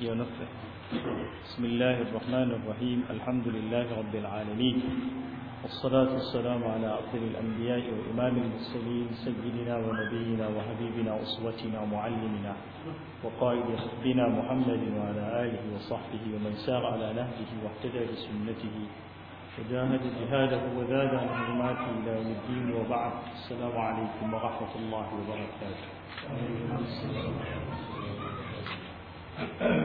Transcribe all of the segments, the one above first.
بحمده ونفسه بسم الله الرحمن الرحيم الحمد لله رب العالمين والصلاة والسلام على أفضل الأنبياء وإمام المرسلين سيدنا ونبينا وحبيبنا أسوتنا ومعلمنا وقائد حبنا محمد وعلى آله وصحبه ومن سار على نهجه واهتدى بسنته وجاهد جهاده وزاد عن حرماته إلى يوم الدين وبعد السلام عليكم ورحمة الله وبركاته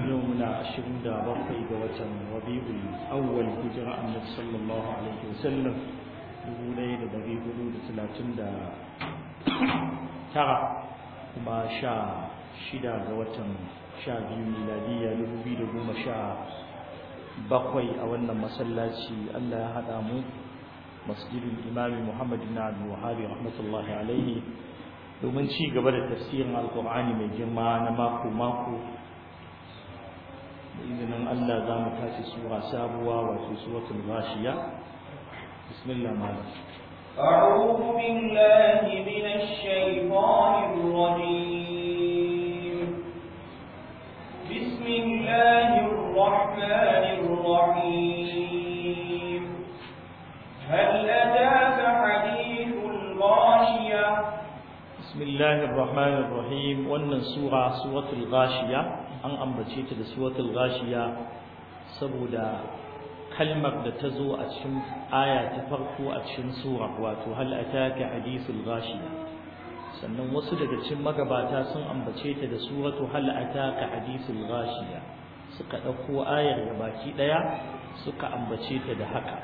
yau muna ashirin da bakwai ga watan rabi'ul awwal hijira annabi sallallahu alaihi wasallam dubu ɗaya da ɗari hudu da talatin da tara kuma sha shida ga watan sha biyu dubu biyu da goma sha bakwai a wannan masallaci Allah ya haɗa mu masjidin imami Muhammad bin Abdul Wahhab rahmatullahi alaihi domin ci gaba da tafsirin alqur'ani mai girma na mako mako إذن الله دام تاسي سورة سابوة وفي سورة الغاشية بسم الله ما أعوذ بالله من الشيطان الرجيم بسم الله الرحمن الرحيم هل أتاك حديث الغاشية بسم الله الرحمن الرحيم wannan sura suratul ghashiya an ambace ta da suratul ghashiya saboda kalmar da ta zo a cikin aya ta farko a cikin sura wato hal ataka hadithul ghashiya sannan wasu daga cikin magabata sun ambace ta da suratu hal ataka hadithul ghashiya suka dauko ayar baki daya suka ambace ta da haka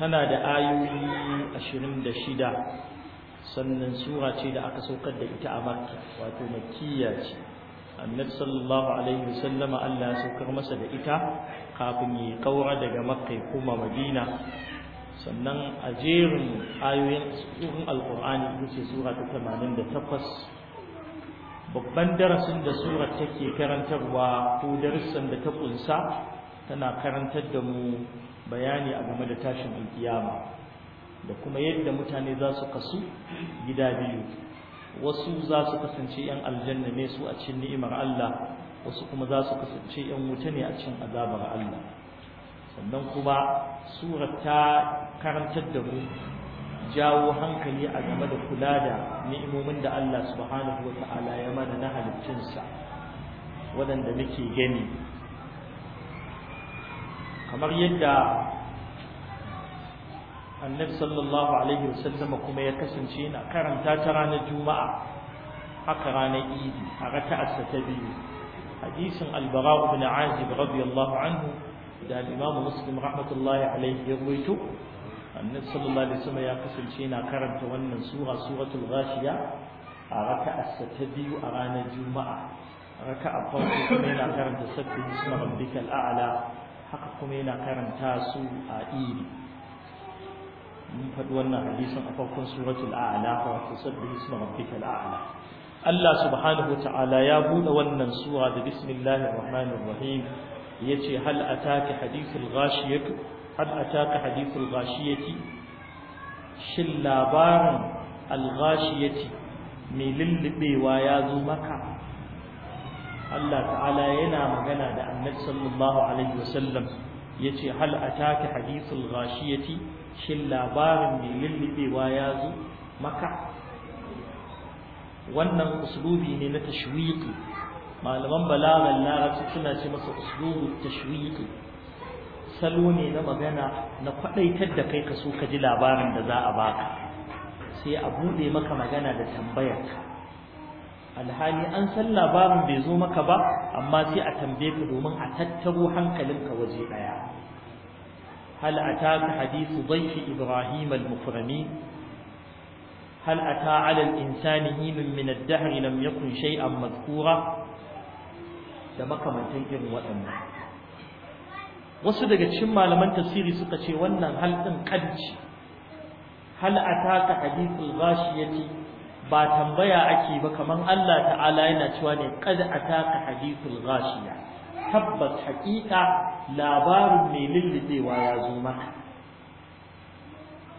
tana da ayoyi 26 sannan sura ce da aka saukar da ita a makka wato makkiya ce annabi sallallahu alaihi wasallam Allah ya saukar masa da ita kafin ya kaura daga makka ya koma madina sannan a jerin ayoyin tsohon alkur'ani ita ce sura ta 88 babban darasin da surar take karantarwa ko darussan da ta kunsa tana karantar da mu bayani a game da tashin alkiyama da kuma yadda mutane za su kasu gida biyu wasu za su kasance 'yan aljanna ne su a cin ni'imar Allah wasu kuma za su kasance 'yan wuta ne a cin azabar Allah sannan kuma surar ta karantar da mu jawo hankali a game da kula da ni'imomin da Allah subhanahu wa ta'ala ya mana na halittunsa waɗanda muke gani kamar yadda annabi sallallahu alaihi wasallam kuma ya kasance yana karanta ta ranar juma'a haka ranar idi a raka'arsa ta biyu hadisin albara ibn azib radiyallahu anhu da al-imam muslim rahmatullahi alaihi ya ruwaito annabi sallallahu alaihi wasallam ya kasance yana karanta wannan sura suratul ghashiya a raka'arsa ta biyu a ranar juma'a raka'a farko kuma yana karanta sabbi bismi rabbikal a'la haka kuma yana karanta su a idi mun faɗi wannan hadisin a farkon suratul a'la wa tusabbihu isma rabbikal a'la Allah subhanahu wa ta'ala ya buɗe wannan sura da bismillahir rahmanir rahim yace hal ataka hadithul ghashiyatu hal ataka hadithul ghashiyati shin labarin al-ghashiyati mai lullubewa ya zo maka Allah ta'ala yana magana da Annabi sallallahu alaihi wasallam yace hal ataka hadithul ghashiyati shin labarin mai lullubewa ya zo maka wannan uslubi ne na tashwiqi malaman balagan larabci suna ce masa uslubu tashwiqi salo ne na magana na kwadaitar da kai ka so ka ji labarin da za a baka sai a bude maka magana da tambayarka. alhali an san labarin bai zo maka ba amma sai a tambaye ka domin a tattaro hankalinka waje ɗaya. هل أتاك حديث ضيف إبراهيم المكرمين هل أتى على الإنسان هين من الدهر لم يكن شيئا da makamantan irin waɗannan wasu daga cikin malaman tasiri suka ce wannan hal din kadci hal ataka hadithul ghashiyati ba tambaya ake ba kamar Allah ta'ala yana cewa ne kad ataka hadithul ghashiya tabbas haƙiƙa labarin mai lullubewa ya zo maka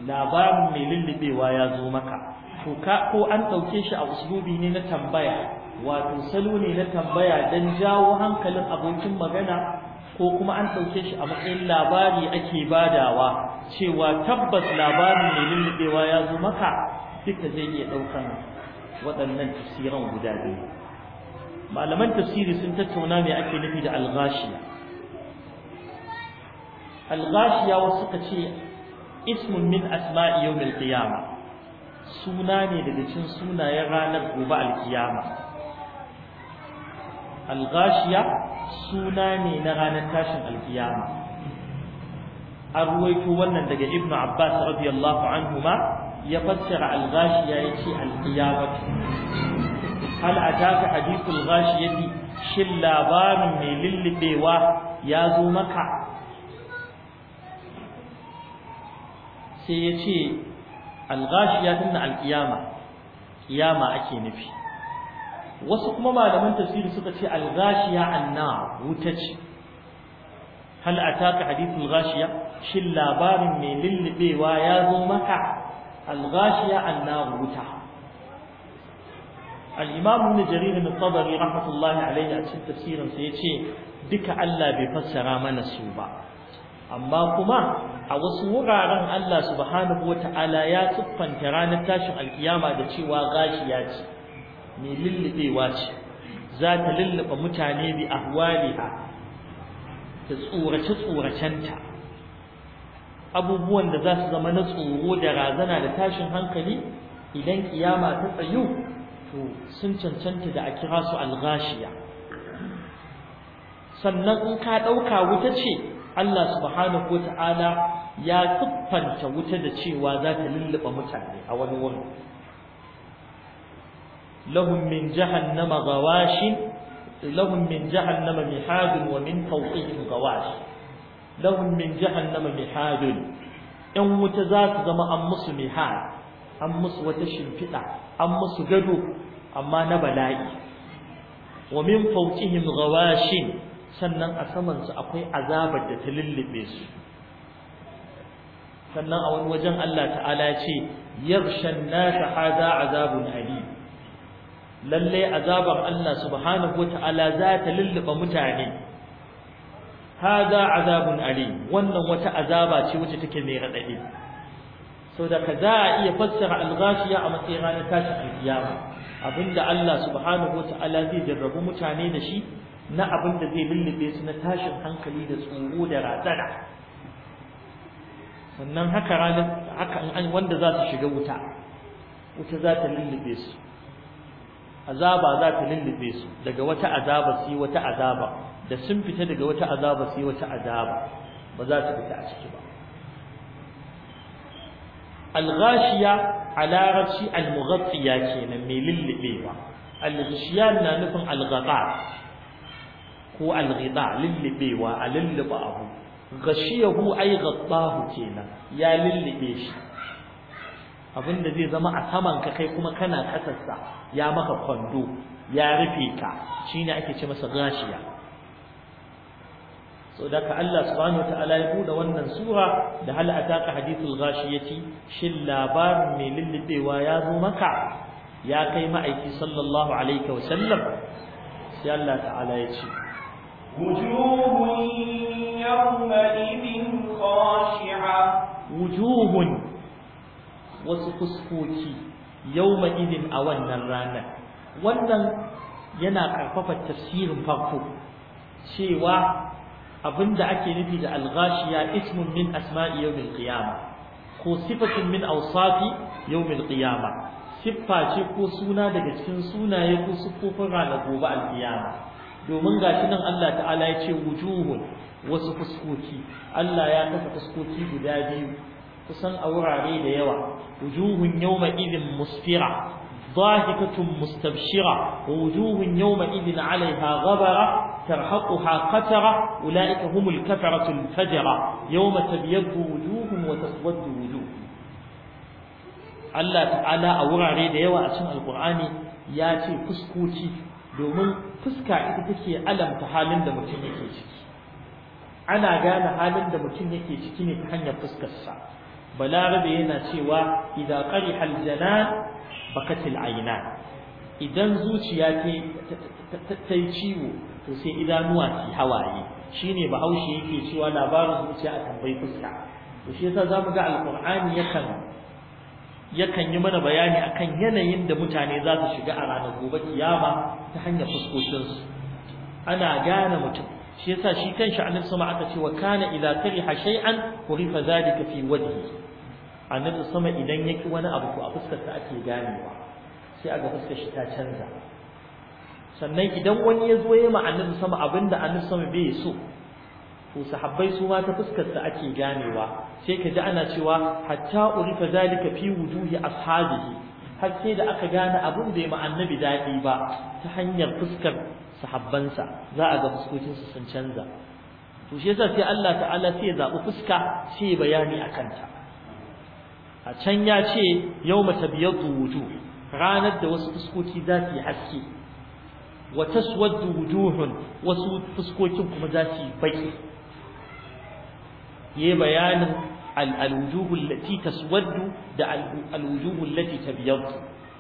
labarin mai lullubewa ya zo maka to ka ko an ɗauke shi a uslubi ne na tambaya wato salo ne na tambaya dan jawo hankalin abokin magana ko kuma an ɗauke shi a matsayin labari ake badawa cewa tabbas labarin mai lullubewa ya zo maka duka zai iya ɗaukan waɗannan tafsiran guda biyu malaman tafsiri sun tattauna me ake nufi da al-ghashiya al-ghashiya wasu ka ce ismun min asma'i yawm al-qiyama suna ne daga cikin sunayen ranar gobe al-qiyama al-ghashiya suna ne na ranar tashin al-qiyama an ruwaito wannan daga ibnu abbas radiyallahu anhu ma ya fassara al-ghashiya yace al-qiyamah hal ataka hadithul ghashiyati shin labarin mai lillibewa ya zo maka sai ya ce al alghashiya tunna alkiyama kiyama ake nufi wasu kuma malaman tafsiri suka ce al alghashiya anna wuta ce hal ataka hadithul ghashiya shin labarin mai lillibewa ya zo maka al alghashiya anna wuta al jaririn ibn jarir ibn tabari rahmatullahi alayhi a cikin tafsirin sa yace duka Allah bai fassara mana su ba amma kuma a wasu wuraren Allah subhanahu wata'ala ya siffanta ranar tashin alkiyama da cewa gashiya ce mai lullubewa ce za ta lullube mutane bi ahwaliha da tsorace tsoracenta abubuwan da za su zama na tsoro da razana da tashin hankali idan kiyama ta tsayu to sun cancanta da a kira su al-ghashiya sannan in ka dauka wuta ce Allah subhanahu wata'ala ya siffanta wuta da cewa za ta lulluba mutane a wani wurin lahum min jahannama gawashin lahum min jahannama mihadun wa min fawqihim gawash lahum min jahannama mihadun yan wuta za su zama an musu mihad an musu wata shimfiɗa an musu gado amma na bala'i wa min fawqihim ghawashin sannan a saman su akwai azabar da ta lullube su sannan a wani wajen Allah ta'ala ce yarshan nas hada azabun ali lalle azabar Allah subhanahu wata'ala za ta lullube mutane hada azabun ali wannan wata azaba ce wacce take mai radadi Sau da ka za a iya fassara al-ghashiya a matsayin ranar tashin alkiyama abinda Allah subhanahu wata'ala zai jarrabu mutane da shi na abinda zai lullube su na tashin hankali da tsoro da razana sannan haka ranar haka an wanda za su shiga wuta wuta za ta lullube su azaba za ta lullube su daga wata azaba sai wata azaba da sun fita daga wata azaba sai wata azaba ba za su fita a ciki ba al-ghashiya a larabci kenan mai lullubewa al na nufin al ko al-ghita lullubewa a lulluba abu ghashiyahu ay ghattahu kenan ya lullube shi abinda zai zama a saman ka kai kuma kana kasarsa ya maka kwando ya rufe ka shine ake ce masa ghashiya so da ka Allah subhanahu wataala ya buɗe wannan sura da hal ataka hadithul ghashiyati shin labarin mai lullubewa ya zo maka ya kai ma'aiki sallallahu alaihi wa sallam sai Allah ta'ala ya ce wujuhun yawma idin khashi'a wujuhun wasu fuskoki yawma idin a wannan ranar wannan yana karfafa tafsirin farko cewa da ake nufi da al ismun min asma'i yawmil qiyama ko sifatun min awsafi yawmil qiyama siffa ce ko suna daga cikin sunaye ko siffofin ranar gobe al domin gashi nan Allah ta'ala ya ce wujuhun wasu fuskoki Allah ya kafa fuskoki guda biyu kusan a wurare da yawa wujuhun yawma idin musfira ضاحكة مستبشرة ووجوه يومئذ عليها غبرة ترهقها قترة أولئك هم الكفرة الفجرة يوم تبيض وجوه وتسود وجوه Allah ta'ala a wurare da yawa a cikin alkur'ani ya ce fuskoci domin fuska ita take alamta halin da mutum yake ciki ana gane halin da mutum yake ciki ne ta hanyar fuskarsa balarabe yana cewa idza qariha aljanan bakatil aina idan zuciya ta yi ciwo to sai idanuwa ki hawaye shine bahaushe yake cewa labarin zuciya a tambayi fuska to shi yasa mu ga Alƙur'ani yakan yakan yi mana bayani akan yanayin da mutane za su shiga a ranar gobe kiyama ta hanyar fuskokinsu ana gane mutum shi yasa shi kanshi annabi sama aka ce wa kana idza kariha shay'an kurifa zalika fi wajhihi annabi sama idan wani abu a fuskar sa ake ganewa sai aga fuskar shi ta canza sannan idan wani ya zo yayi ma annabi sama abinda annabi sama bai so to sahabbai su ma ta fuskar sa ake ganewa sai ka ji ana cewa hatta urifa zalika fi wujuhi ashabihi har sai da aka gane abin bai ma annabi daɗi ba ta hanyar fuskar sahabbansa za a ga fuskokinsu sun canza to shi yasa sai Allah ta'ala sai ya zaɓi fuska sai bayani a kanta a can ya ce yau mata biyar wuju ranar da wasu fuskoki za su yi haske wa taswaddu wujuhun wasu fuskokin kuma za su yi baki yi bayanin al-wujuhu allati taswaddu da al lati ta tabyaddu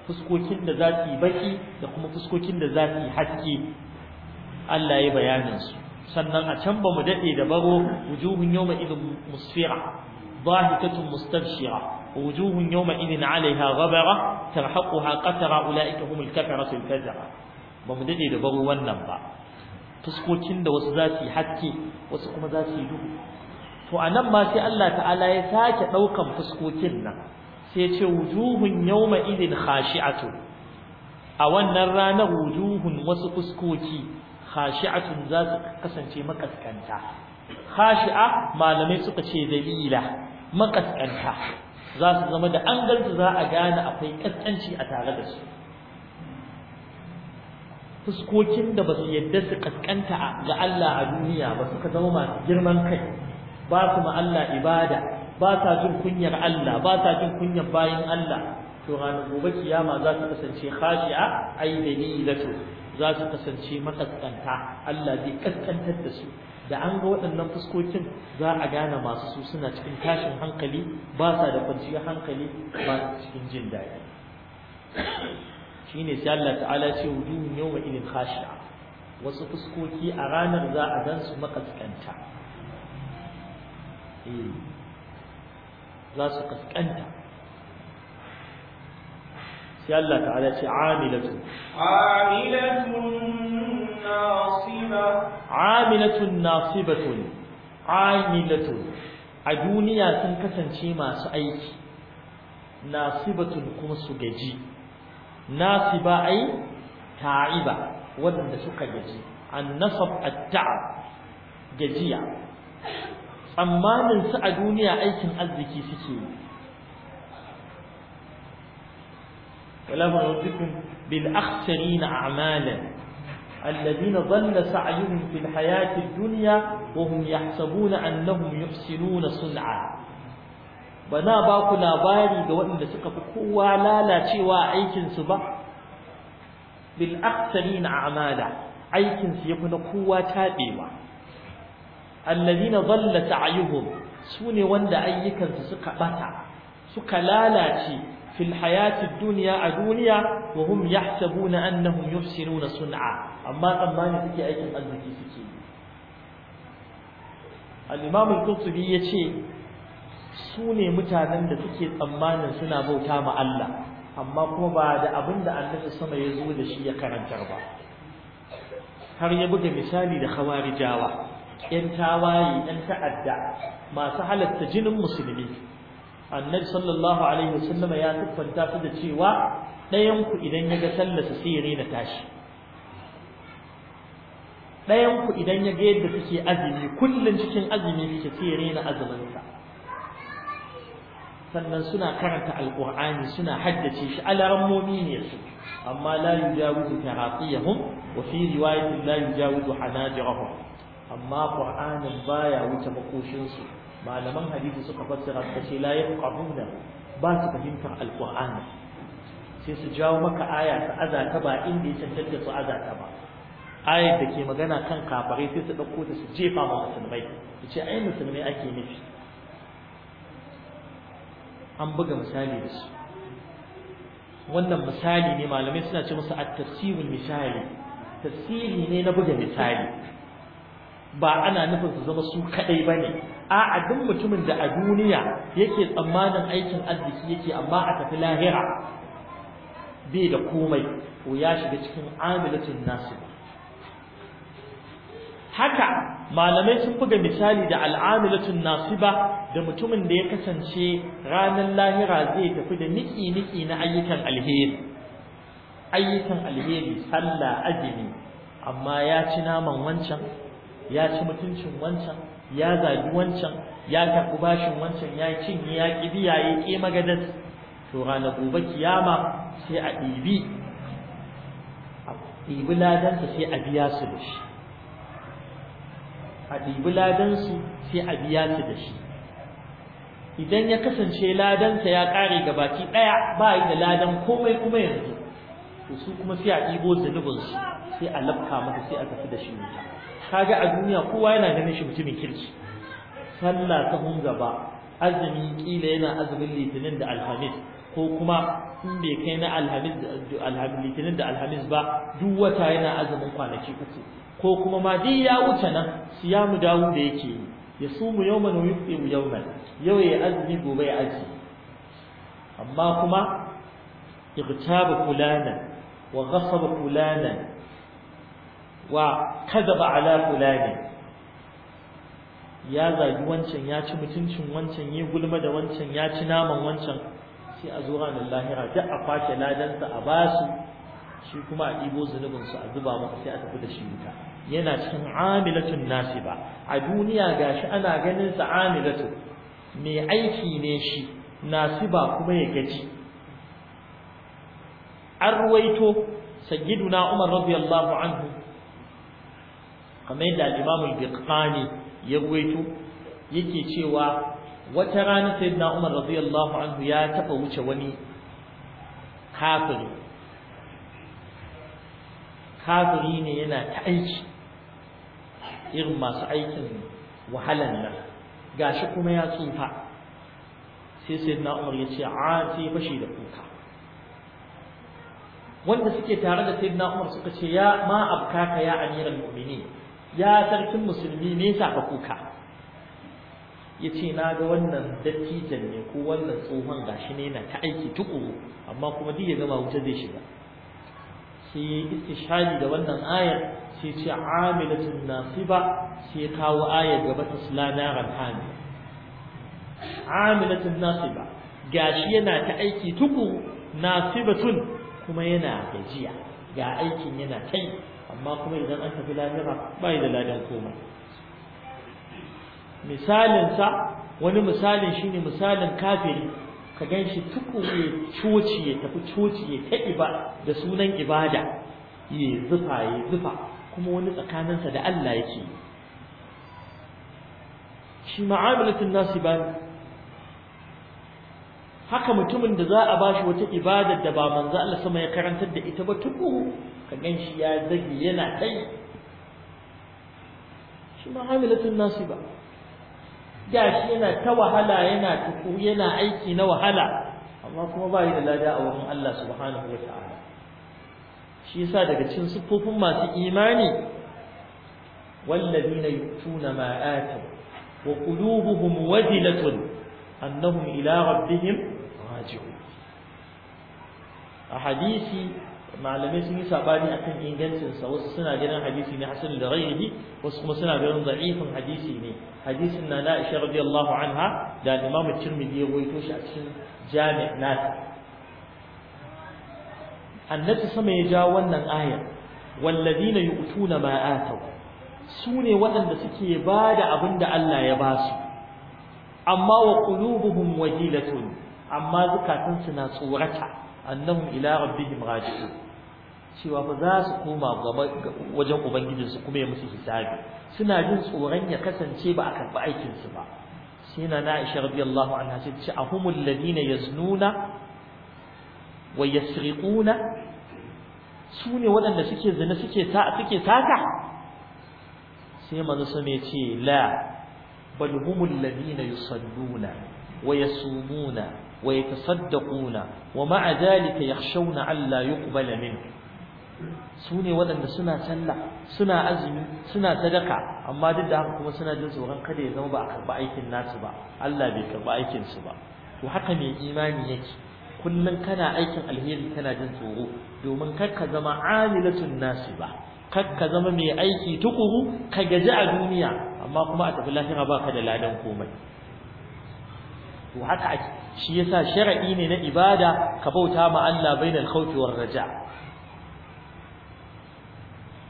fuskokin da za su yi baki da kuma fuskokin da za su yi haske Allah ya bayanin su sannan a can ba mu dade da baro wujuhun yawma idin musfira ضاحكة مستبشرة wujuhun yawma idin alaiha ghabara tarhaquha qatara ulaika humul kafaratu al-fajara ba mu dade da baro wannan ba fuskokin da wasu za su yi haske wasu kuma za su yi duhu to anan ma sai Allah ta'ala ya sake daukan fuskokin nan sai ya ce wujuhun yawma idin khashi'atu a wannan ranar wujuhun wasu fuskoki khashi'atun za su kasance makaskanta khashi'a malamai suka ce dalila makaskanta za su zama da an gansu za a gane akwai kaskanci a tare da su fuskokin da ba su yadda su kaskanta ga Allah a duniya ba suka zama masu girman kai ba su ma Allah ibada ba sa jin kunyar Allah ba sa jin kunyar bayan Allah to ranar gobe kiyama za su kasance khashi'a ai dalilatu za su kasance makaskanta Allah zai kaskantar da su da an ga waɗannan fuskokin za a gane masu su suna cikin tashin hankali ba sa da kwanciyar hankali ba cikin jin daɗi shine sai Allah ta'ala ce wujuhun yawma idin khashi'a wasu fuskoki a ranar za a gan su makaskanta eh, za su kaskanta sai Allah ta'ala ce amilatun amilatun nasiba amilatun nasibatun amilatun a duniya sun kasance masu aiki nasibatun kuma su gaji nasiba ai ta'iba wanda suka gaji annasab at-ta'ab gajiya tsammanin su a duniya aikin arziki suke yi ولما يردكم بالأخسرين أعمالا الذين ظل سعيهم في الحياة الدنيا وهم يحسبون أنهم يحسنون صنعا بنا باكو لا دوان دا سكا فكوا لا لا تشوا عيكن سبا بالأخسرين أعمالا عيكن سيكون كوا تابيما الذين ظل سعيهم سوني وان دا سكا بطا سكا لا لا تشوا في الحياة الدنيا الدنيا وهم يحسبون أنهم يحسنون صنعا أما تمان تكي أيضا أنزكي سكي الإمام القرطبي يتي سوني متانا تكي تمانا سنا بوتا مع الله أما كما بعد أبن دا أن السماء يزول شيء كان تربا har ya buga misali da khawarijawa yan tawayi yan ta'adda masu halatta jinin musulmi annabi sallallahu alaihi wasallam ya tuffanta su da cewa ɗayan ku idan ya ga sallarsa sai ya rena tashi ɗayan ku idan ya ga yadda suke azumi kullum cikin azumi suke sai ya rena sannan suna karanta alqur'ani suna haddace shi alarammomi ne su amma la yujawizu taraqiyahum wa fi riwayatin la yujawizu hanajirahum amma qur'anin baya wuce makoshin su malaman hadisi suka fassara ta ce la yaqabuna ba su fahimtar alqur'ani sai su jawo maka aya ta azata ba inda ya cancanta su azata ba ayar da ke magana kan kafare sai su dauko ta su jefa ma musulmai su ce ai musulmai ake nufi an buga misali da su wannan misali ne malamai suna ce musu at-tafsirul misali tafsiri ne na buga misali ba ana nufin su zama su kadai bane a'a duk mutumin da a duniya yake tsammanin aikin arziki yake amma a tafi lahira bai da komai ko ya shiga cikin amilatin nasu haka malamai sun buga misali da al'amilatun nasiba da mutumin da ya kasance ranar lahira zai tafi da niki-niki na ayyukan alheri ayyukan alheri sallah ajini amma ya ci naman wancan ya ci mutuncin wancan ya zagi wancan ya karɓi bashin wancan ya cinye ya ƙibi biya ya ƙi magadas to ranar gobe kiyama sai a ɗibi a ɗibi ladansa sai a biya su da shi a ɗibi ladansu sai a biya su da shi idan ya kasance ladansa ya ƙare baki ɗaya ba yi da ladan komai kuma yanzu to su kuma sai a ɗibo zunubinsu sai a lafka masa sai a tafi da shi mutane kaga a duniya kowa yana ganin shi mutumin kirki sallah hun gaba azumi kila yana azumin litinin da alhamis ko kuma in bai kai na alhamis da litinin da alhamis ba duk wata yana azumin kwanaki uku ko kuma ma dai ya wuce nan siyamu dawo da yake yi ya sumu yawman wa yuqimu yawman yau ya azumi gobe ya aji amma kuma igtaba fulana wa ghasaba fulana wa kadaba ala ya zagi wancan ya ci mutuncin wancan ya gulma da wancan ya ci naman wancan sai a zo ranar lahira duk a kwace ladansa a basu shi kuma a ɗibo zunubinsu a zuba maka sai a tafi da shi wuta yana cikin amilatun nasiba a duniya gashi ana ganin sa amilatu mai aiki ne shi nasiba kuma ya gaji an ruwaito sayyiduna umar radiyallahu anhu kamar yadda al biqani ya gwaito yake cewa wata rana sayyidina Umar radiyallahu anhu ya taba wuce wani kafiri kafiri ne yana ta aiki irin masu aikin wahalan nan gashi kuma ya tsufa sai sayyidina Umar ya ce a sai fashi da kuka wanda suke tare da sayyidina Umar suka ce ya ma abkaka ya amiral mu'minin ya sarkin musulmi me yasa kuka yace na ga wannan dattijan ne ko wannan tsohon gashi ne na ta aiki tukuru amma kuma duk ya gama wuta zai shiga sai istishhadi da wannan ayar sai ce amilatun nasiba sai kawo ayar gaba ta sulana ran amilatun nasiba gashi yana ta aiki tukuru nasibatun kuma yana gajiya ga aikin yana kai. amma kuma idan an tafi lahira ba yi da ladan komai misalinsa wani misalin shi ne misalin kafin ka gan shi tuku ya coci ya tafi coci ya ta iba da sunan ibada ya zufa ya zufa kuma wani tsakaninsa da Allah yake shi ma'amalatin nasu ba haka mutumin da za a bashi wata ibadar da ba manzo Allah sama ya karantar da ita ba tuku ka ganshi ya zage yana kai shi ma hamilatun nasiba gashi yana ta wahala yana tuku yana aiki na wahala amma kuma ba yi da lada a wurin Allah subhanahu wataala shi yasa daga cikin siffofin masu imani والذين يؤتون ما آتوا وقلوبهم وجلة أنهم إلى ربهم a hadisi malamai sun yi sabani akan ingancin sa wasu suna ganin hadisi ne hasan da ghairihi wasu kuma suna ganin da'ifin hadisi ne hadisin na Aisha radiyallahu anha da Imam Tirmidhi ya rawaito shi a cikin Jami' nata annabi sama ya ja wannan aya walladina yu'tuna ma ataw sune waɗanda suke bada abin da Allah ya ba su amma wa qulubuhum wajilatun amma zukatansu na tsorata annahum ila rabbihim raji'un cewa ba za su koma wajen ubangijinsu kuma ya musu hisabi suna jin tsoron ya kasance ba a karɓi aikinsu ba sai na Aisha radiyallahu anha ta ce ahumul ladina yaznuna wa yasriquna su ne waɗanda suke zina suke ta suke sata sai manzo sune ce la bal humul ladina yusalluna wa yasumuna ويتصدقون ومع ذلك يخشون ألا يقبل منه sune waɗanda suna sallah suna azumi suna sadaka amma duk da haka kuma suna jin tsoron kada ya zama ba a karɓi aikin nasu ba Allah bai karɓi aikin su ba to haka mai imani yake kullum kana aikin alheri kana jin tsoro domin kar ka zama amilatun nasu ba kar ka zama mai aiki tukuru ka gaji a duniya amma kuma a tafi lahira baka da ladan komai to haka ake shi yasa shar'i ne na ibada ka bauta ma Allah bainal khawfi war raja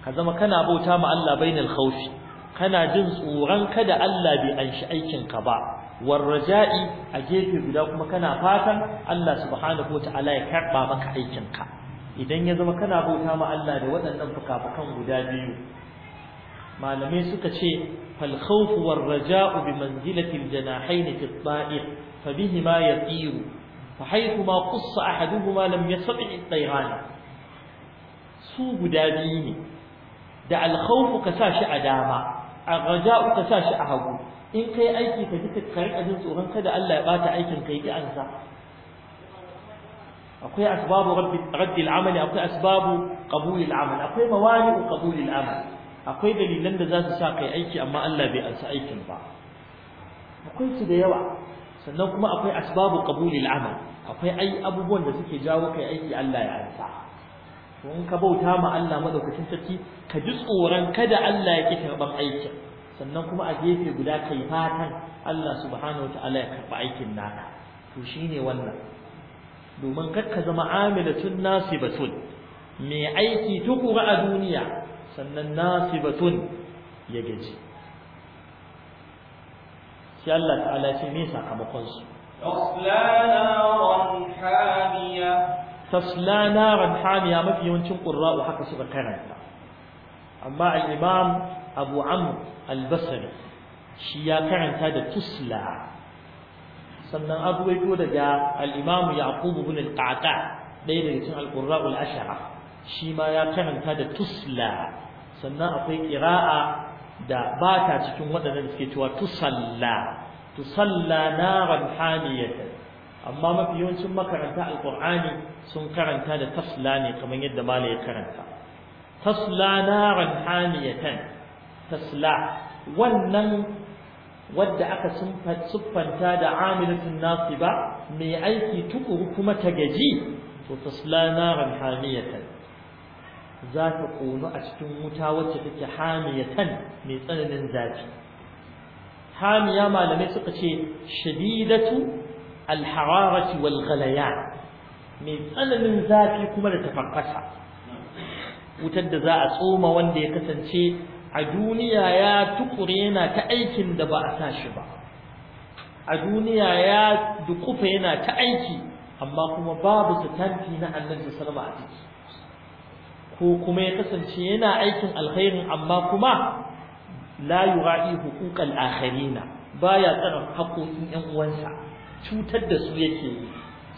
ka zama kana bauta ma Allah bainal khawfi kana jin tsoron kada Allah bai anshi aikin ka ba war raja'i a gefe guda kuma kana fatan Allah subhanahu wataala ya karba maka aikin ka idan ya zama kana bauta ma Allah da waɗannan fukafukan guda biyu malamai suka ce fal khawfu war raja'u bi manzilati al janahayn fi at-ta'ir فبهما يطير فحيثما قص احدهما لم يستطع الطيران سو غدابيه دع الخوف كساش اداما الرجاء كساش احغو ان كاي ايكي فجيت كاري ادين تورن كدا الله يبات ايكن كاي دي انسا اكو اسباب رب رد العمل اكو اسباب قبول العمل اكو موانع قبول العمل اكو دليلن دا زاسا كاي ايكي اما الله بي انسا ايكن با اكو شي دا sannan kuma akwai asbabu qabulil amal akwai ai abubuwan da suke jawo kai aiki Allah ya ansa Kun ka bauta ma Allah madaukakin sarki ka ji tsoron kada Allah ya ki karban aikin sannan kuma a gefe guda kai fatan Allah subhanahu wataala ya karba aikin naka to shine wannan domin kar ka zama amilatun nasibatun mai aiki tukura a duniya sannan nasibatun ya gaji sai Allah ta'ala ce me sakamakon su tasla naran hamiya mafi yawancin qurra'u haka suka karanta amma al-imam Abu shi ya karanta da tusla sannan abu waito daga al-imam Yaqub bin al-Qa'qa ɗaya daga cikin al-qurra'u al-ashara shi ma ya karanta da tusla sannan akwai ƙira'a. da ba ta cikin waɗannan suke cewa tusalla tusalla naran hamiyata amma mafi yawancin makaranta alqur'ani sun karanta da tasla ne kamar yadda mala ya karanta tasla naran hamiyatan tasla wannan wadda aka siffanta da amilatun nasiba mai aiki tukuru kuma ta gaji to tasla naran hamiyatan za ta ƙonu a cikin wuta wacce take hamiyatan mai tsananin zafi hamiya malamai suka ce shadidatu alhararati wal mai tsananin zafi kuma da tafarfasa wutar da za a tsoma wanda ya kasance a duniya ya tukure yana ta aikin da ba a sa shi ba a duniya ya dukufa yana ta aiki amma kuma babu su na annabi sallallahu alaihi wasallam a ciki ko kuma ya kasance yana aikin alkhairin amma kuma la yura'i huquqal akharina baya tsara haƙoƙin ƴan uwansa cutar da su yake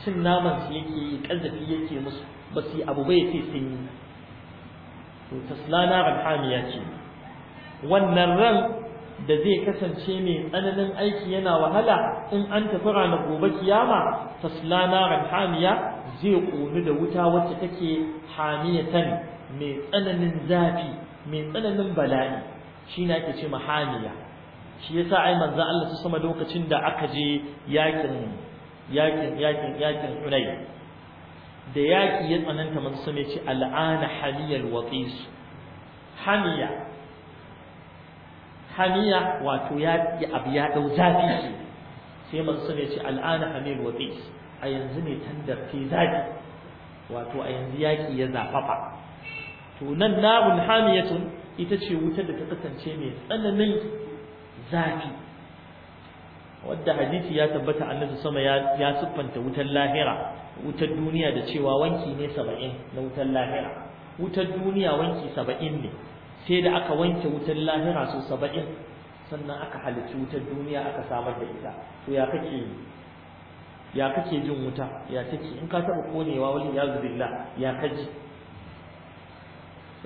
cin naman su yake yi kazafi yake musu ba su yi abu ba yake sun yi to taslana alhamiya ce wannan ran da zai kasance mai tsananin aiki yana wahala in an tafi ranar gobe kiyama taslana alhamiya zai ƙoni da wuta wacce take hamiyatan mai tsananin zafi mai tsananin bala'i shi na ake ce mahamiya shi yasa ai manzo Allah su sama lokacin da aka je yakin yakin yakin yakin Hunayn da yaki ya tsananta manzo sama yace al'ana hamiyal waqis hamiya hamiya wato ya abu ya dau zafi sai manzo sama yace al'ana hamiyal waqis a yanzu ne tandar ke zaɓi wato a yanzu yaƙi ya zafafa to nan namun ita ce wutar da ta kasance mai tsananin zafi wadda hadisi ya tabbata annabi sama ya siffanta wutar lahira wutar duniya da cewa wanki ne saba'in na wutar lahira wutar duniya wanki saba'in ne sai da aka wanke wutar lahira su saba'in sannan aka halarci wutar duniya aka samar da ita to ya kake ya kake jin wuta ya take in ka taba konewa wali ya billah ya kaji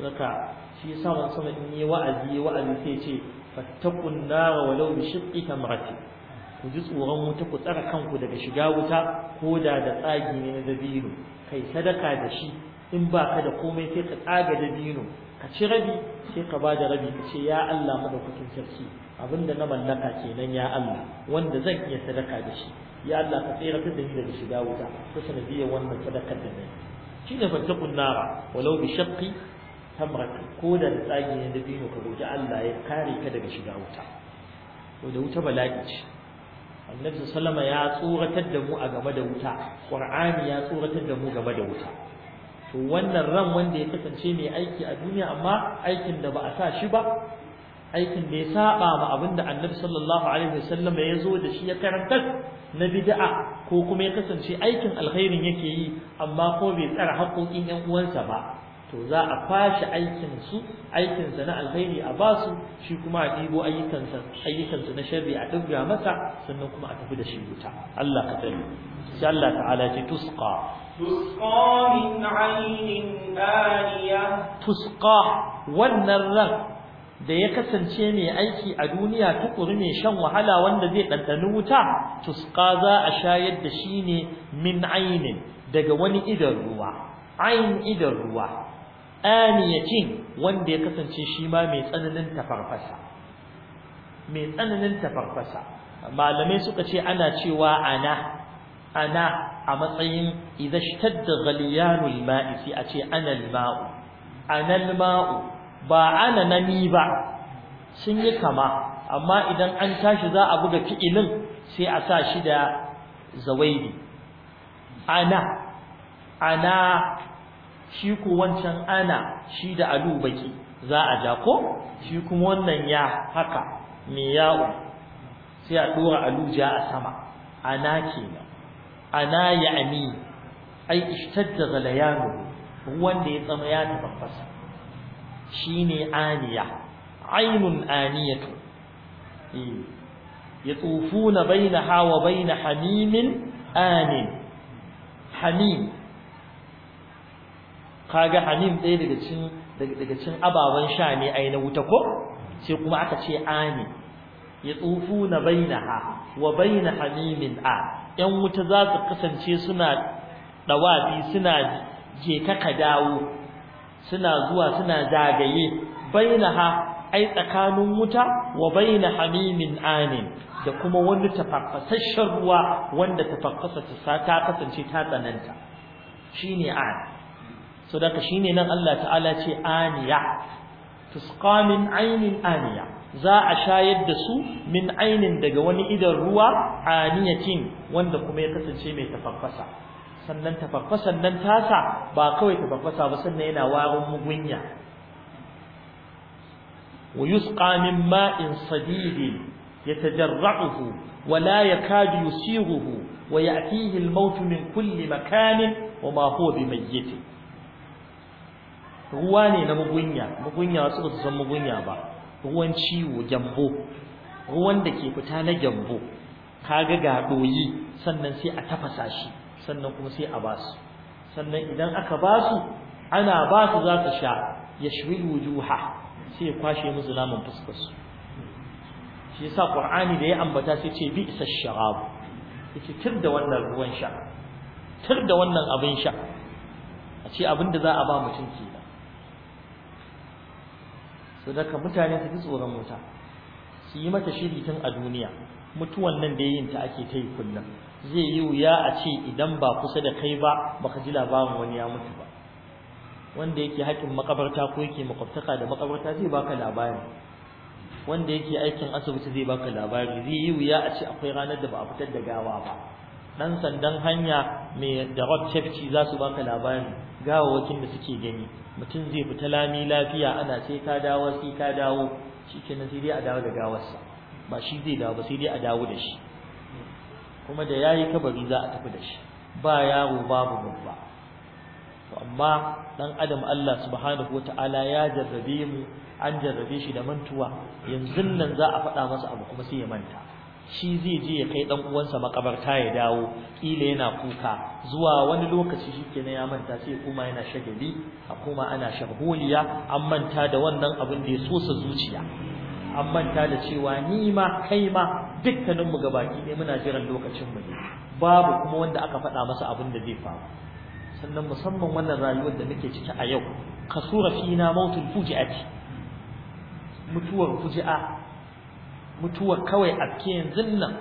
saka shi yasa ban sama in yi wa'azi wa'azi sai ce fattaqun nar walau bi shiqqi tamrati ku ji tsoron wuta ku tsara kanku daga shiga wuta ko da da tsagi ne na dabino kai sadaka da shi in baka da komai sai ka tsaga dabino ka ci rabi sai ka ba da rabi ka ce ya Allah madaukakin sarki abinda na mallaka kenan ya Allah wanda zan iya sadaka da shi ya Allah ka tsira ta da ni daga shiga wuta ta sanadiyar wannan sadakar da nayi shi ne nara walau bi shaqqi tamrat ko da tsagi ne da dino ka roki Allah ya kare ka daga shiga wuta to da wuta bala'i ce Annabi sallama ya tsoratar da mu a game da wuta Qur'ani ya tsoratar da mu game da wuta to wannan ran wanda ya kasance mai aiki a duniya amma aikin da ba a sa shi ba aikin da ya saba ma abinda annabi sallallahu alaihi wasallam ya zo da shi ya karanta na bid'a ko kuma ya kasance aikin alkhairin yake yi amma ko bai tsara haƙoƙin ƴan uwansa ba to za a fashi aikin su aikin sa na alkhairi a basu shi kuma a ɗibo ayyukansa na sharri a dubga masa sannan kuma a tafi da shi wuta Allah ka tsare sai Allah ta'ala ce tusqa تسقى wannan عين da ya kasance mai aiki a duniya tukuri mai shan wahala wanda zai ɗanɗani wuta tusqa za a shayar da shi ne min ainin daga wani idan ruwa ain idan ruwa aniyacin wanda ya kasance shi ma mai tsananin tafarfasa mai tsananin tafarfasa malamai suka ce ana cewa ana ana a matsayin idza shtadda ghaliyanul ma'i sai a ce ana mau ana mau ba ana nami ba sun yi kama amma idan an tashi za a buga fi'ilin sai a sa shi da zawaidi ana ana shi ko wancan ana shi da alubaki za a ja ko shi kuma wannan ya haka me yawo sai a dora aluja a sama ana kenan ana ya'ni ai ishtadda ghalayanu ruwan da ya tsama ya tabbasa shine aniya ainun aniyatu yatufuna bainaha wa bain hamimin anin hamim kaga hamim ɗaya daga cikin daga cin ababan sha ne ai na wuta ko sai kuma aka ce anin yatufuna bainaha wa bain hamimin a yan wuta za su kasance suna dawafi suna je ka dawo suna zuwa suna zagaye bainaha ai tsakanin wuta wa bain hamimin anin da kuma wani tafaffasashen ruwa wanda tafaffasa ta kasance ta tsananta shine an so shine nan Allah ta'ala ce aniya tusqa min aynin aniya za a shayar da su min ainin daga wani idan ruwa aniyatin wanda kuma ya kasance mai tafaffasa sannan tafaffasan nan tasa ba kawai tafaffasa ba sannan yana warin mugunya wa min ma'in sadid yatajarra'uhu wa la yakadu yusighuhu wa ya'tihi al-maut min kulli makamin, wa ma huwa bimayyit ruwa ne na mugunya mugunya wasu ba su san mugunya ba ruwan ciwo gyambo ruwan da ke fita na gyambo kaga ga doyi sannan sai a tafasa shi sannan kuma sai a basu sannan idan aka basu ana basu za su sha yashwi wujuha sai ya kwashe musu naman fuskar su shi yasa qur'ani da ya ambata sai ce bi isa sharab yace tir da wannan ruwan sha tir da wannan abin sha a ce abin da za a ba mutum kenan to mutane su ji tsoron wuta su yi mata shiri tun a duniya mutuwan nan da yin ta ake ta yi kullum zai yi wuya a ce idan ba kusa da kai ba baka ji labarin wani ya mutu ba wanda yake haƙin makabarta ko yake makwabtaka da makabarta zai baka labari wanda yake aikin asibiti zai baka labari zai yi wuya a ce akwai ranar da ba a fitar da gawa ba dan sandan hanya mai da road safety za su baka labari gawawakin da suke gani mutum zai fita lami lafiya ana sai ka dawo sai ka dawo shikenan sai dai a dawo da gawarsa ba shi zai dawo ba sai dai a dawo da shi kuma da yayi kabari za a tafi da shi ba yaro babu babba to amma dan adam Allah subhanahu wataala ya jarrabe mu an jarrabe shi da mantuwa yanzu nan za a faɗa masa abu kuma sai ya manta shi zai je ya kai dan uwansa makabarta ya dawo kila yana kuka zuwa wani lokaci shikenan ya manta sai kuma yana shagali a kuma ana shagholiya an manta da wannan abin da ya sosa zuciya an manta da cewa ni ma kai ma dukkanin mu gabaki ɗaya muna jiran lokacin mu ne babu kuma wanda aka faɗa masa abin da zai faru sannan musamman wannan rayuwar da nake ciki a yau kasura fina mautul fuji'ati mutuwar fuji'a mutuwa kawai aske nan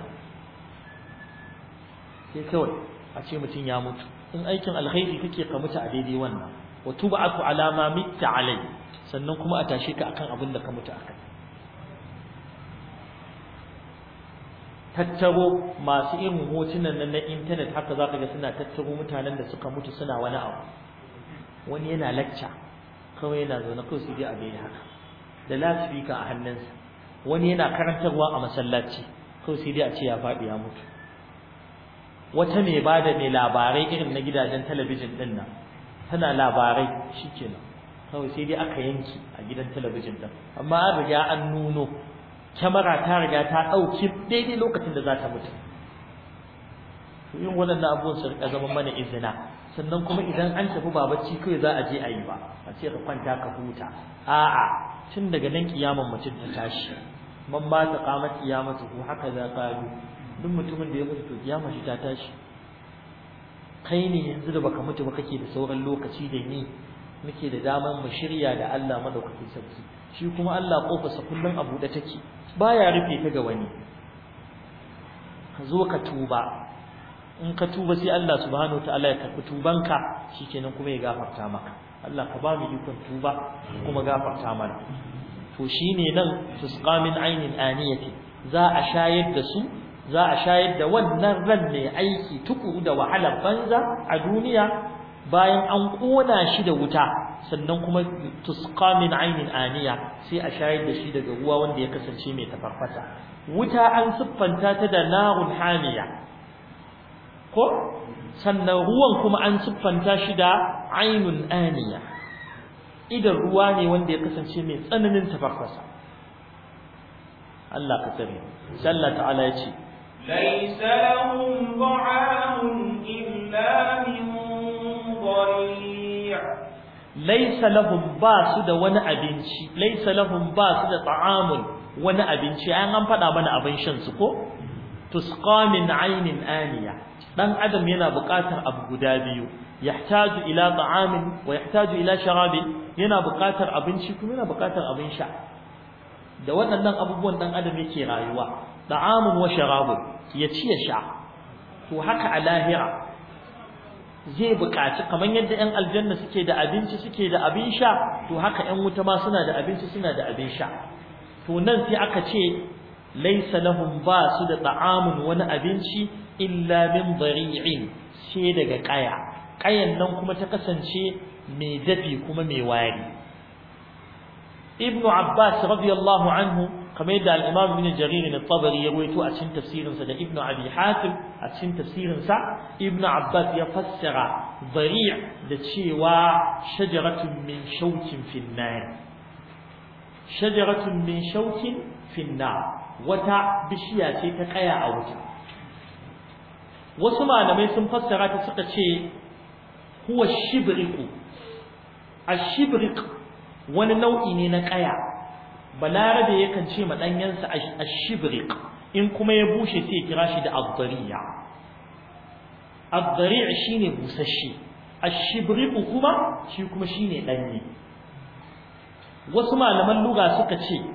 sai kawai a ce mutum ya mutu in aikin alkhairi kake ka mutu a daidai wannan wa tub'atu ala ma mitta alai sannan kuma a tashe ka akan abin da ka mutu akai tattaro masu irin hotunan nan na intanet haka zaka ga suna tattaro mutanen da suka mutu suna wani abu wani yana lacca kawai yana zaune kawai su je a bai haka da lasifika a hannunsa wani yana karantarwa a masallaci ko sai dai a ce ya faɗi ya mutu wata mai bada mai labarai irin na gidajen talabijin din nan tana labarai shikenan kawai sai dai aka yanki a gidan talabijin din amma an riga an nuno kyamara ta riga ta ɗauki daidai lokacin da za ta mutu to yin waɗannan abubuwan su riƙa zama mana izina sannan kuma idan an tafi ba bacci kawai za a je a yi ba a ce ka kwanta ka huta a'a tun daga nan kiyaman mutum ta tashi man ba ta kiyamatu ko haka za ka yi duk mutumin da ya mutu to kiyama shi ta tashi kai ne yanzu da baka mutu ba kake da sauran lokaci da ni muke da damar mu shirya da Allah madaukakin sarki shi kuma Allah kofarsa kullum a buɗe take baya rufe ta ga wani ka zo ka tuba in ka tuba sai Allah subhanahu wataala ya karɓi tubanka shikenan kuma ya gafarta maka Allah ka ba mu ikon tuba kuma gafarta mana to shine nan tusqa min ainin aniyati za a shayar da su za a shayar da wannan ran mai aiki tukuru da wahalar banza a duniya bayan an kona shi da wuta sannan kuma tusqa min ainin aniya sai a shayar da shi daga ruwa wanda ya kasance mai tafarfasa wuta an siffanta ta da narun hamiya ko sannan ruwan kuma an siffanta shi da ainun aniya idan ruwa ne wanda ya kasance mai tsananin tafarkarsa Allah ka tsare Allah ta'ala ya ce laysa lahum ta'amun illa min dhari'a laisa lahum ba su da wani abinci laisa lahum ba su da ta'amun wani abinci an an fada mana abin shan su ko tusqa min aynin aniya dan adam yana buƙatar abu guda biyu yahtaju ila ta'amin wa yahtaju ila sharabi yana buƙatar abinci kuma yana buƙatar abin sha da waɗannan abubuwan dan adam yake rayuwa ta'amun wa sharabun ya ci ya sha to haka a lahira zai buƙaci kamar yadda 'yan aljanna suke da abinci suke da abin sha to haka 'yan wuta ma suna da abinci suna da abin sha to nan sai aka ce laisa lahum ba su da ta'amun wani abinci illa min bari'in sai daga kaya kayan nan kuma ta kasance mai dafi kuma mai wari ibnu abbas radiyallahu anhu kamar yadda al-imam ibn jarir al-tabari ya rawaito a cikin tafsirin sa da ibnu abi hatim a cikin tafsirin sa ibnu abbas ya fassara bari' da cewa shajaratun min shawkin fil nar shajaratun min shawkin fil nar wata bishiya ce ta kaya a wuta wasu malamai sun fassara ta suka ce huwa shibriku ashibrik wani nau'i ne na kaya balarabe yakan ce ma a ashibrik in kuma ya bushe sai kira shi da addariya addariya shine busasshe ashibriku kuma shi kuma shine danye wasu malaman luga suka ce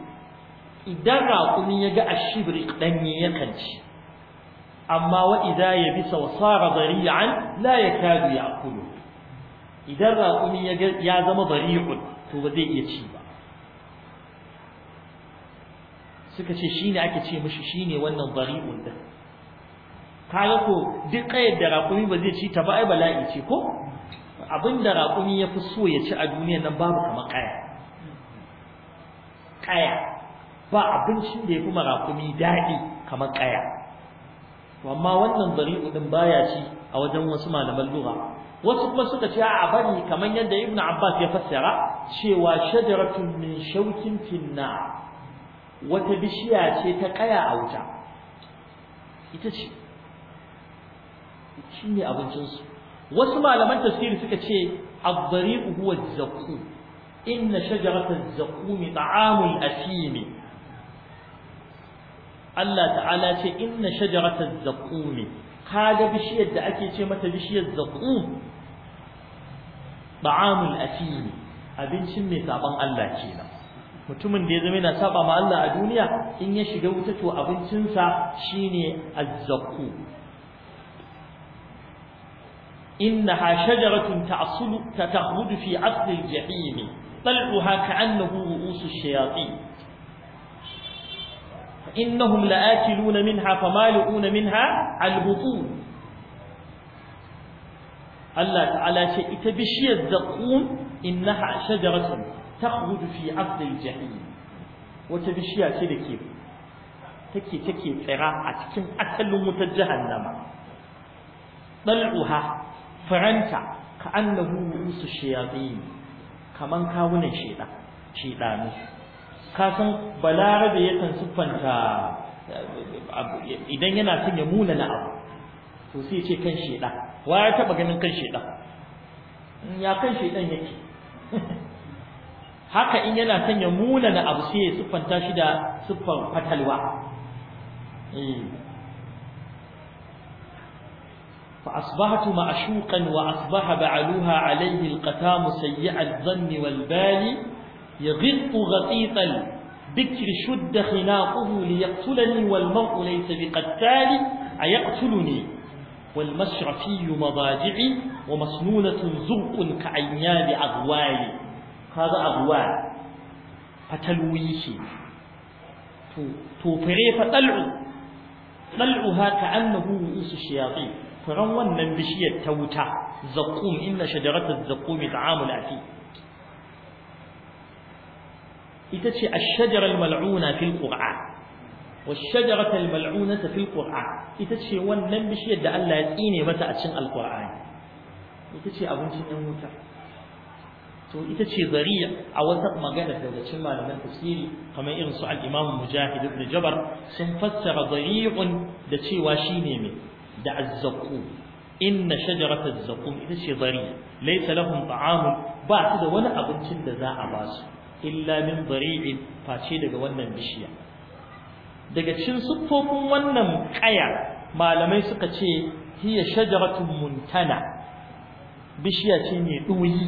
idan raƙumi ya ga ashibri ɗanye yakan ci amma wa idza yabisa wa sara dari'an la yakadu Kulu. idan raƙumi ya ya zama bari'un to ba zai iya ci ba suka ce shine ake ce mishi shine wannan bari'un din kaga ko duk kayar da raƙumi ba zai ci ta ba ai bala'i ce ko abinda raƙumi ya fi so ya ci a duniyar nan babu kamar kaya kaya ba abincin da yafi marakumi daɗi kamar ƙaya to amma wannan bari'u din baya ci a wajen wasu malaman lugha wasu kuma suka ce a bari kamar yadda ibnu abbas ya fassara cewa shajaratun min shawkin finna wata bishiya ce ta ƙaya a wuta ita ce shine abincinsu wasu malaman tafsiri suka ce الضريق هو الزقوم إن شجرة الزقوم طعام الأثيم Allah ta'ala ce inna shajaratal zaqum kaga bishiyar da ake ce mata bishiyar zaqum ta'amul atim abincin mai saban Allah kenan mutumin da ya zama yana saba ma Allah a duniya in ya shiga wuta to abincinsa shine azzaqu innaha shajaratun ta'sulu takhruju fi asli al-jahim طلعها كأنه رؤوس الشياطين innahum la'akiluna minha famalu'una minha albutun Allah ta'ala ce ita bishiyar zaqqum innaha shajaratun takhruju fi 'abd jahim wata bishiya ce dake take take tsira a cikin asalin wutar jahannama dal'uha faranta ka'annahu rusu shayatin kaman kawunan sheda shedanu ka san balarabe yakan siffanta idan yana son ya muna na abu to sai ce kan sheda wa ya taba ganin kan sheda ya kan shedan yake haka in yana son ya muna na abu sai ya siffanta shi da siffar fatalwa فأصبحت معشوقا وأصبح بعلوها عليه القتام سيء الظن والبال يغط غطيط بكر شد خناقه ليقتلني والمرء ليس بقتال أيقتلني والمشرفي مضاجعي ومسنونة زرق كعياب أغوالي هذا أغوال فتلويشي توفري فطلعوا طلعها كأنه رؤوس الشياطين فرون من بشية توتا زقوم إن شجرة الزقوم طعام الأثيم ita ce ash-shajaral mal'una fil mal'unata fil qur'an ita ce wannan bishiyar da Allah ya tsine mata a cikin alqur'ani ita ce abincin ɗan wuta to ita ce zariya a wata magana daga cikin malaman tafsiri kamar irin su al-Imam Mujahid ibn Jabar sun fassara zari'un da cewa shine me da azzaqu inna shajarata azzaqum ita ce zariya laysa lahum ta'amun ba su da wani abincin da za a ba su illa min bari'in face daga wannan bishiya daga cikin siffofin wannan kaya malamai suka ce hiya shajaratun muntana bishiya ce mai ɗoyi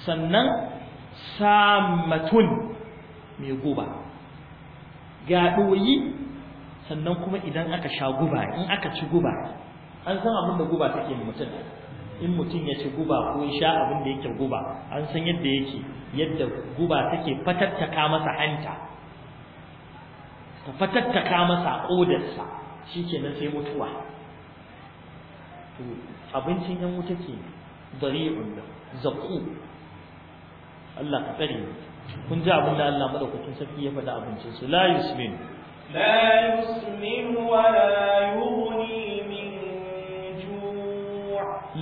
sannan sannan samatun mai guba ga ɗoyi sannan kuma idan aka sha guba in aka ci guba an san abin da guba take mutum in mutum ya ci guba ko ya sha abin da yake guba an san yadda yake yadda guba take fatattaka masa hanta ta fatattaka masa kodarsa shikenan sai mutuwa to abincin yan wuta ke dari'un zaku Allah ka tsare kun ji abin da Allah madaukakin sarki ya faɗa abincin su la yusmin la yusmin wa la yughni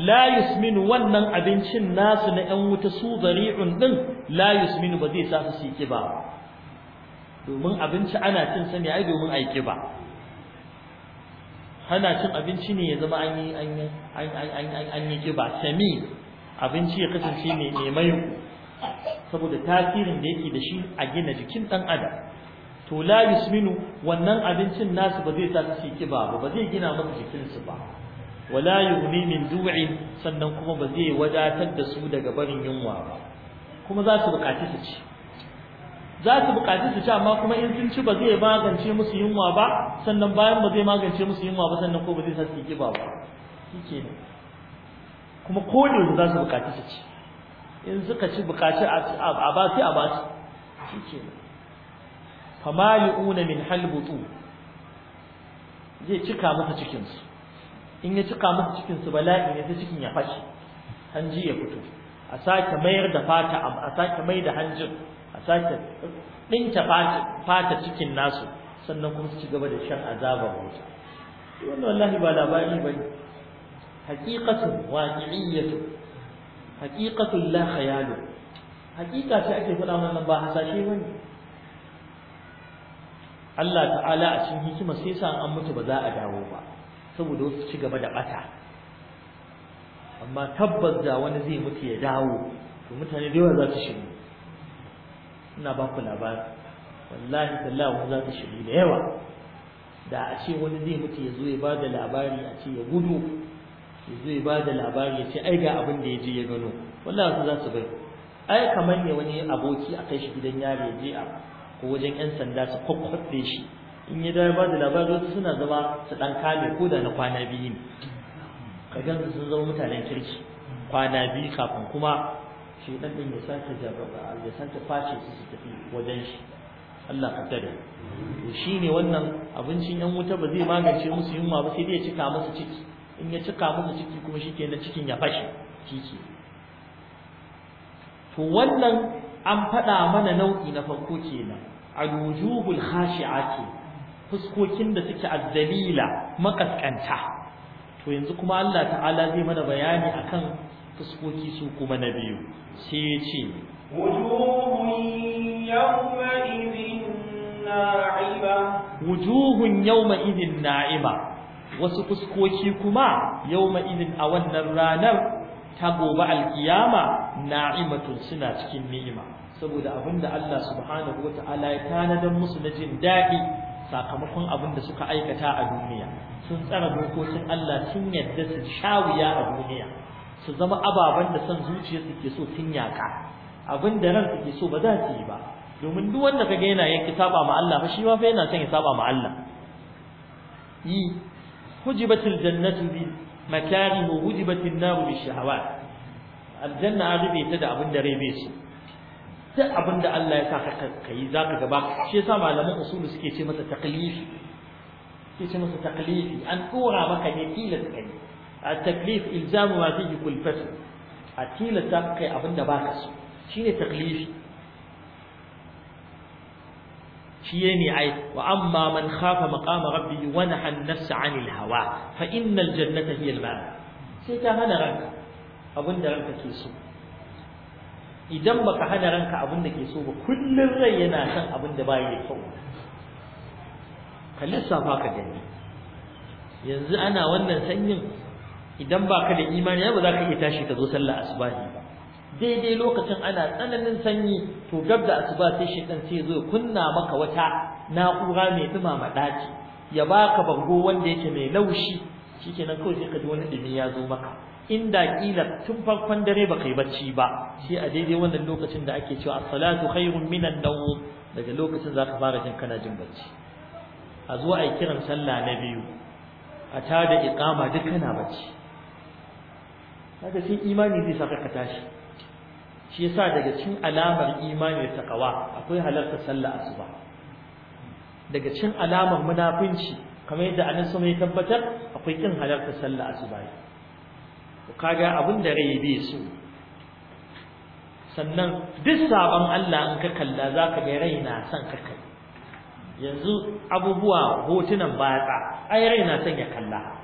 la yusminu wannan abincin nasu na ƴan wuta su zari'un din la yusminu ba zai sa su yi ba domin abinci ana cin sa ne ai domin ai kiba ana cin abinci ne ya zama an yi an yi an yi kiba sami abinci ya kasance mai mai mayu saboda tasirin da yake da shi a gina jikin dan adam to la yusminu wannan abincin nasu ba zai sa su yi kiba ba ba zai gina maka jikinsu ba wala yughni min du'in sannan kuma ba zai wadatar da su daga barin yunwa ba kuma za su bukaci su ci za su bukaci su ci amma kuma in sun ci ba zai magance musu yunwa ba sannan bayan ba zai magance musu yunwa ba sannan ko ba zai sa su kiba ba shike ne kuma ko ne za su bukaci su ci in suka ci bukaci a ba sai a ba su shike ne famali'una min halbutu zai cika musu cikinsu in ya cika musu cikin su bala'i ne sai cikin ya fashi hanji ya fito a sake mayar da fata a sake mai da hanjin a sake ɗinta fata cikin nasu sannan kuma su ci gaba da shan azabar wuta wannan wallahi ba labari bane haqiqatu waqi'iyyatu haqiqatu la khayalu haqiqa ce ake faɗa mana ba hasashe ba ne. Allah ta'ala a cikin hikima sai sa an mutu ba za a dawo ba saboda wasu ci gaba da bata amma tabbas da wani zai mutu ya dawo to mutane da yawa za su shigo ina ba ku labari wallahi tallahi wani za su shigo da yawa da a ce wani zai mutu ya zo ya ba da labari a ce ya gudu ya zo ya ba da labari ya ce ai ga abin da ya je ya gano wallahi su za su bai ai kamar ne wani aboki a kai shi gidan yari ya je a ko wajen yan sanda su kwakwabe shi in ya dawo ba da labarin, wasu suna zama su ɗan kame ko da na kwana biyu ne ka gansu sun zama mutanen kirki kwana biyu kafin kuma shi ɗan ɗin ya sake a ya ta fashe su su tafi wajen shi Allah ka tare to shine wannan abincin yan wuta ba zai magance musu yunwa ba sai dai ya cika musu ciki in ya cika musu ciki kuma na cikin ya fashe ciki to wannan an faɗa mana nau'i na farko kenan al wujubul khashi'ati fuskokin da suke azzalila makaskanta to yanzu kuma Allah ta'ala zai mana bayani akan fuskoki su kuma na biyu sai ya ce wujuhun yawma idin na'ima wasu fuskoki kuma yawma idin a wannan ranar ta gobe alkiyama na'imatun suna cikin ni'ima saboda abinda Allah subhanahu ta'ala ya tanadar musu na jin daɗi sakamakon abin da suka aikata a duniya sun tsara dokokin Allah sun yadda su shawiya a duniya su zama ababen da son zuciya suke so sun yaka abin da ran suke so ba za su yi ba domin duk wanda kaga yana yanki saba ma Allah fa shi ma fa yana son ya saba ma Allah yi hujibatil jannatu bi makarih hujibatin nar bi shahawat aljanna a da abin da rai bai duk abin da Allah ya sa ka kai zaka gaba shi yasa malaman usulu suke ce masa taklifi suke ce masa taklifi an dora maka ne tilas kai a taklif ilzamu ma fihi kulfatu a tilasta kai abin da baka so shine taklifi shi ne ai wa amma man khafa maqama rabbi wa naha an-nafsa 'anil hawa fa innal jannata hiya al-ma'a sai ta hana ranka abin da ranka ke so idan baka hana ranka abin da ke so ba kullum rai yana son abin da bai da kyau ka lissafa ka gani yanzu ana wannan sanyin idan baka da imani ba za ka iya tashi ka zo sallar asubahi ba daidai lokacin ana tsananin sanyi to gab da asuba sai shi dan sai zo kunna maka wata na'ura mai dumama daki ya baka bango wanda yake mai laushi shikenan kawai sai ka ji wani dumi ya zo maka inda kila tun farkon dare baka yi bacci ba sai a daidai wannan lokacin da ake cewa as-salatu khairun minan nawm daga lokacin za ka fara jin kana jin bacci a zo ai kiran sallah na biyu a tada iqama duk kana bacci haka shi imani zai saka ka tashi shi yasa daga cikin alamar imani da takawa akwai halarta sallah asuba daga cikin alamar munafunci kamar yadda anan sama ya tabbatar akwai kin halarta sallah asuba ko kaga abin da rai bai so sannan duk sabon Allah in ka kalla zaka ga rai na son ka kai yanzu abubuwa hotunan batsa ai rai na son ya kalla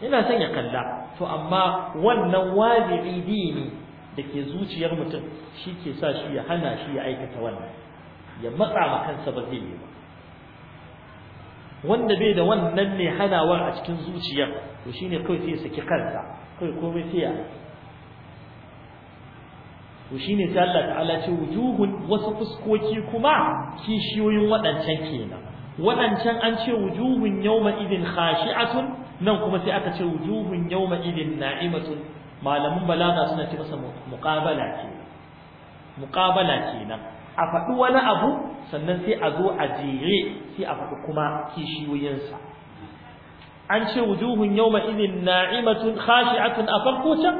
Ina son ya kalla to amma wannan wajibi dini da ke zuciyar mutum shi ke sa shi ya hana shi ya aikata wannan ya matsa ma kansa ba zai yi ba wanda bai da wannan ne hanawar a cikin zuciya to shine kawai sai ya saki kansa kawai komai sai ya to shine sai Allah ta'ala ce wujuhun wasu fuskoki kuma kishiyoyin waɗancan kenan waɗancan an ce wujuhun yawma idin khashi'atun nan kuma sai aka ce wujuhun yawma idin na'imatun malamin balaga suna ce masa muqabala muqabala kenan a faɗi wani abu sannan sai a zo a jere sai a faɗi kuma kishiyoyinsa an ce wujuhun yau idin na'imatun khashi'atun a farko can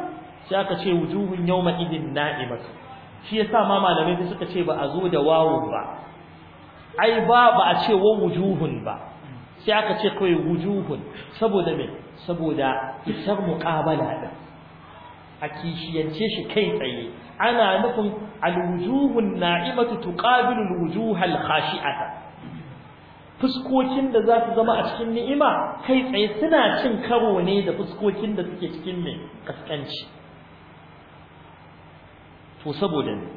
sai aka ce wujuhun yau idin na'imatun shi yasa ma malamai da suka ce ba a zo da wawu ba ai ba ba a ce wa wujuhun ba sai aka ce kawai wujuhun saboda me saboda isar muqabala ɗin a kishiyance shi kai tsaye ana nufin alwujuhun na'imatu tuqabilu alwujuhal khashi'ata fuskokin da za su zama a cikin ni'ima kai tsaye suna cin karo ne da fuskokin da suke cikin mai kaskanci to saboda ne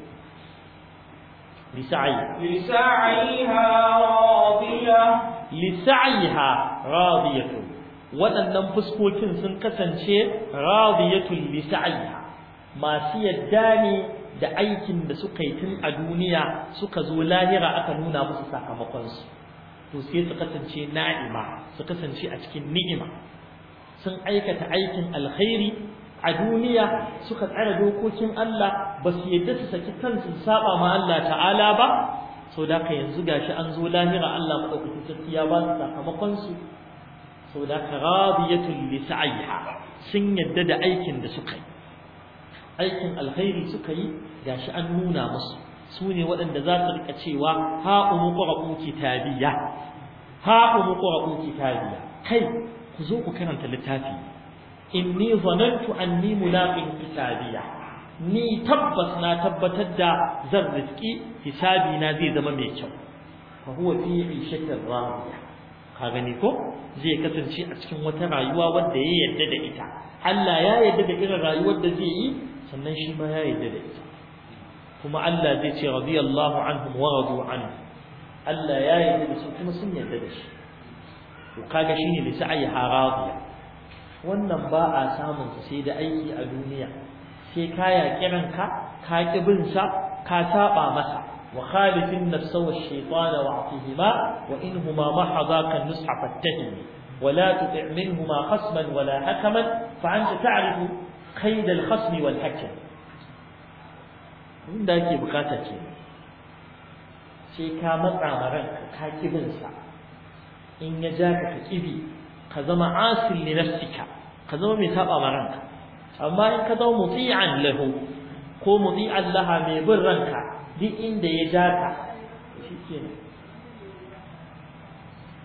لسعيها لسعيها راضية لسعيها راضية waɗannan fuskokin sun kasance radiyatul li sa'iha masu yadda ne da aikin da suka yi tun a duniya suka zo lahira aka nuna musu sakamakonsu to sai su kasance na'ima su kasance a cikin ni'ima sun aikata aikin alkhairi a duniya suka tsara dokokin Allah ba su yadda su saki kansu saba ma Allah ta'ala ba sau da ka yanzu gashi an zo lahira Allah maɗaukaki sarki ya ba su sakamakonsu sau da ka rabiyatul li sun yadda da aikin da suka yi aikin alkhairi suka yi gashi an nuna musu su ne waɗanda za su rika cewa ha'umu ƙwa'u kitabiya ha'umu ƙwa'u tabiya. kai ku zo ku karanta littafi inni zanantu anni mulaqin kitabiya ni tabbas na tabbatar da zan riski hisabi na zai zama mai kyau fa huwa fi 'ishatin radiya ka gani ko zai kasance a cikin wata rayuwa wanda ya yarda da ita Allah ya yarda da irin rayuwar da zai yi sannan shi ma ya yarda da ita kuma Allah zai ce radiyallahu anhum wa radu anhu Allah ya yarda da su kuma sun yarda da shi to kaga shine da sa'i haradiya wannan ba a samun sai da aiki a duniya sai ka kiran ka, ka ƙi bin sa ka saba masa wa khalifin nafsa wa shaytana wa atihima wa inhuma mahadaka nusha fattahi ولا تطع منهما خصما ولا حكما فأنت تعرف kai da khasmi wal hakim inda ake bukata ke sai ka matsa ma ka kibin sa in ya ja ka ka kibi ka zama asil li nafsika ka zama mai saba ma amma in ka zama muti'an lahu ko muti'an laha mai bin ranka duk inda ya ja ka shikenan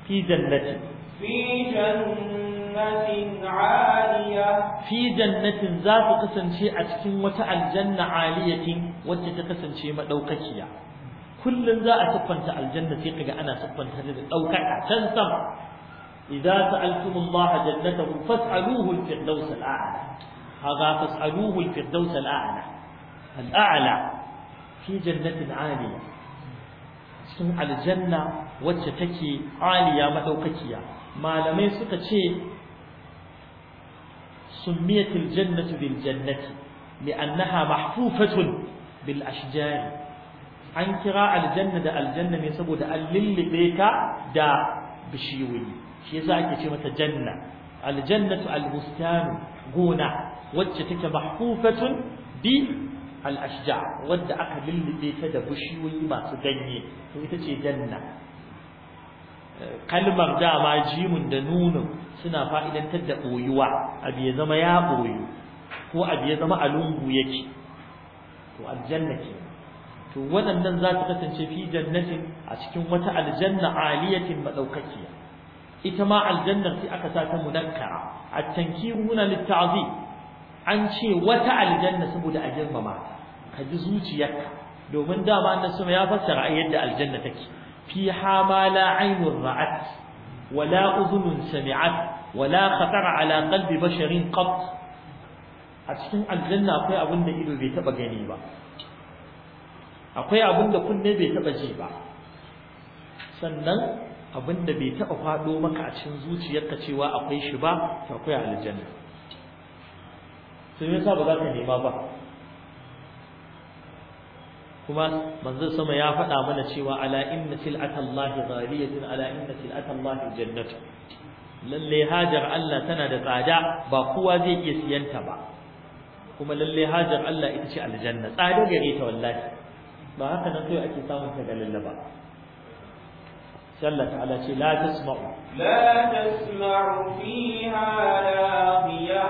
fi jannati Fi jannatin za ku kasance a cikin wata aljanna aliyatin wacce ta kasance maɗaukakiya. Kullum za a siffanta aljanna sai kaga ana siffanta ta da ɗaukaka can sama. Idza sa'altumu Allah jannatahu fas'aluhu al-firdaws al-a'la. Haga fas'aluhu al-firdaws al-a'la. Al-a'la fi jannatin 'aliyah. aljanna wacce take 'aliya maɗaukakiya. malamai suka ce summiyatul jannatu bil jannati annaha mahfufatun bil ashjar an kira aljanna da aljanna ne saboda an lillibe ta da bishiyoyi shi yasa ake ce mata janna aljannatu albustanu gona wacce take mahfufatun bi al ashjar wadda aka lillibe ta da bishiyoyi masu ganye to ita ce janna kalmar dama jimun da nunun suna fa'idantar da ɓoyuwa abu ya zama ya ɓoyu ko abu ya zama a lungu yake to aljanna ke to waɗannan za ta kasance fi jannatin a cikin wata aljanna aliyatin maɗaukakiya ita ma aljannar sai aka sa ta munakkara at-tankiru huna lit-ta'zim an ce wata aljanna saboda a girmama ka ji zuciyarka domin dama annabi ya fassara yadda aljanna take Fi hama la aynun ra'at wala udhunun sami'at wala khatara ala qalbi basharin qat a cikin aljanna akwai abin da ido bai taba gani ba akwai abin da kunne bai taba ji ba sannan abin da bai taɓa fado maka a cikin zuciyarka cewa akwai shi ba to akwai aljanna sai yasa ba za ka nema ba kuma manzo sama ya faɗa mana cewa ala inna sil'atallahi ghaliyatun ala inna sil'atallahi jannatu lalle hajar Allah tana da tsada ba kowa zai iya siyanta ba kuma lalle hajar Allah ita ce aljanna tsada gare ta wallahi ba haka nan kai ake samun ta galalla ba sallallahu ta'ala ce la tasma'u la tasma'u fiha lahiya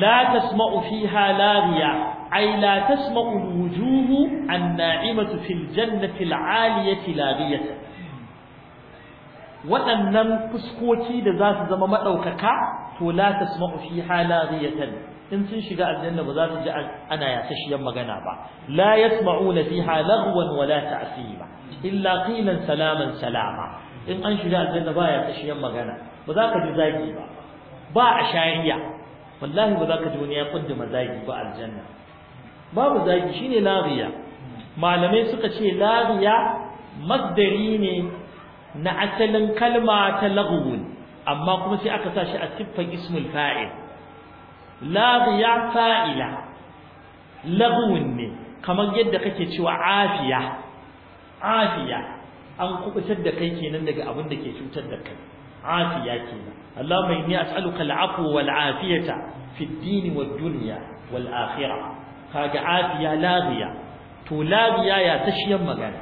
la tasma'u fiha lahiya أي لا تسمع الوجوه الناعمة في الجنة العالية لاغية waɗannan fuskoki da za su zama maɗaukaka to la tasma'u fiha laghiyatan in sun shiga aljanna ba za su ji ana yasasshiyar magana ba la yasma'una fiha laghwan wala ta'sima illa qilan salaman salama in an shiga aljanna ba yasasshiyar magana ba za ka ji zagi ba ba a shariya wallahi ba za ka ji wani ya mazagi ba aljanna babu zagi shine lariya malamai suka ce lariya masdari ne na asalin kalma ta laghwun amma kuma sai aka sa shi a siffan ismul fa'il lariya fa'ila laghwun ne kamar yadda kake cewa afiya afiya an kubutar da kai kenan daga abin da ke cutar da kai afiya kenan Allahumma inni as'aluka al'afwa wal afiyata fid din wad dunya wal akhirah kaga afiya lafiya, to lafiya ya tashiyar magana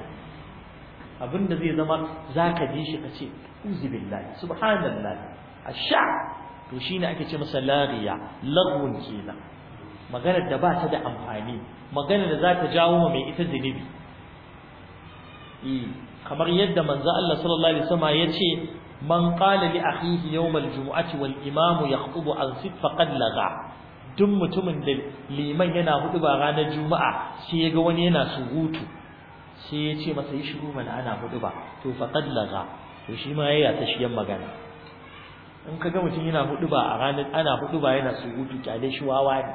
abinda zai zama zaka ji shi kace uzu subhanallahi asha to shine ake ce masa lagiya lagun kenan maganar da ba ta da amfani maganar da za ta jawo mai ita zinubi eh, kamar yadda manzo Allah sallallahu alaihi wasallam yace man qala li akhihi yawm al wal imamu yakhtubu an sit faqad laga duk mutumin da liman yana hudu ba ranar juma'a sai ya ga wani yana surutu sai ya ce masa yi shiru mana ana hudu ba to faqad laga to shi ma yayi ta shiyan magana in ka ga mutum yana hudu ba a ranar ana hudu ba yana surutu kyale shi wawa ne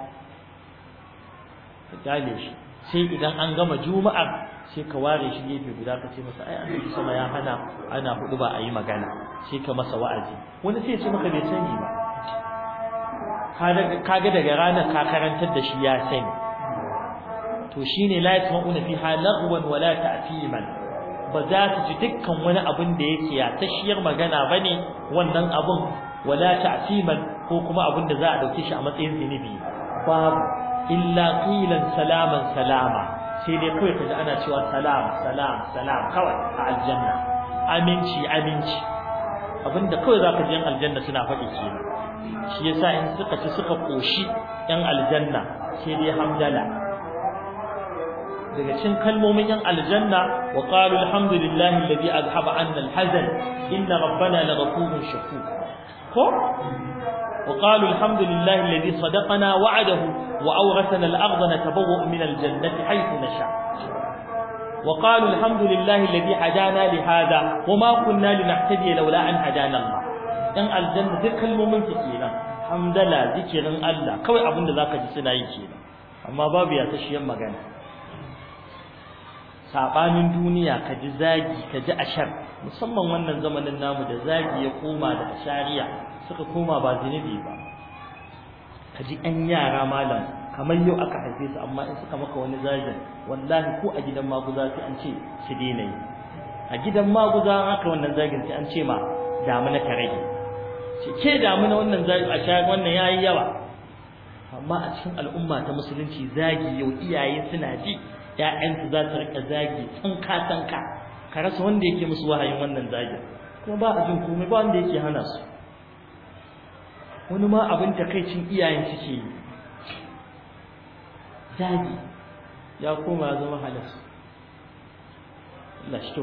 kyale shi sai idan an gama juma'ar sai ka ware shi gefe guda ka ce masa ai an sama ya hana ana hudu ba a yi magana sai ka masa wa'azi wani sai ya ce maka bai sani ba kaga daga ranar ka karantar da shi ya sani to shine la yasma'una fiha lagwan wala ta'fiman ba za su ji dukkan wani abin da yake ya tashiyar magana bane wannan abun wala ta'fiman ko kuma abin da za a dauke shi a matsayin zinubi babu illa qilan salaman salama sai dai kawai kaji ana cewa salam salam salam kawai a aljanna aminci aminci abinda kawai zaka ji aljanna suna faɗi kenan shi yasa in suka ci suka koshi yan aljanna sai dai hamdala daga cikin kalmomin yan aljanna wa qalu alhamdulillahi alladhi azhaba anna alhazan inna rabbana laghafurun shakur ko wa qalu alhamdulillahi alladhi sadaqana wa'adahu wa awrathana al-ardha natabawwa min al-jannati haythu nasha وقالوا الحمد لله الذي هدانا لهذا وما كنا لنهتدي لولا أن هدانا الله ɗan aljanna duk kalmomin su kenan hamdala zikirin Allah kawai abin da zaka ji suna yi kenan amma babu ya tashiyan magana sabanin duniya ka ji zagi ka ji ashar musamman wannan zamanin namu da zagi ya koma da ashariya suka koma ba zinubi ba ka ji ɗan yara malam kamar yau aka haife su amma in suka maka wani zagin wallahi ko a gidan maguza sai an ce su daina yi a gidan maguza haka wannan zagin sai an ce ma damu na ka rage ke damu na wannan zai a shayar wannan yayi yawa amma a cikin al'umma ta musulunci zagi yau iyaye suna ji su za su rika zagi tsanka tsanka ka rasa wanda yake musu wahayin wannan zagi kuma ba a jin komai ba wanda yake hana su wani ma abin takaicin iyayen suke yi zagi ya koma ya zama halas la shi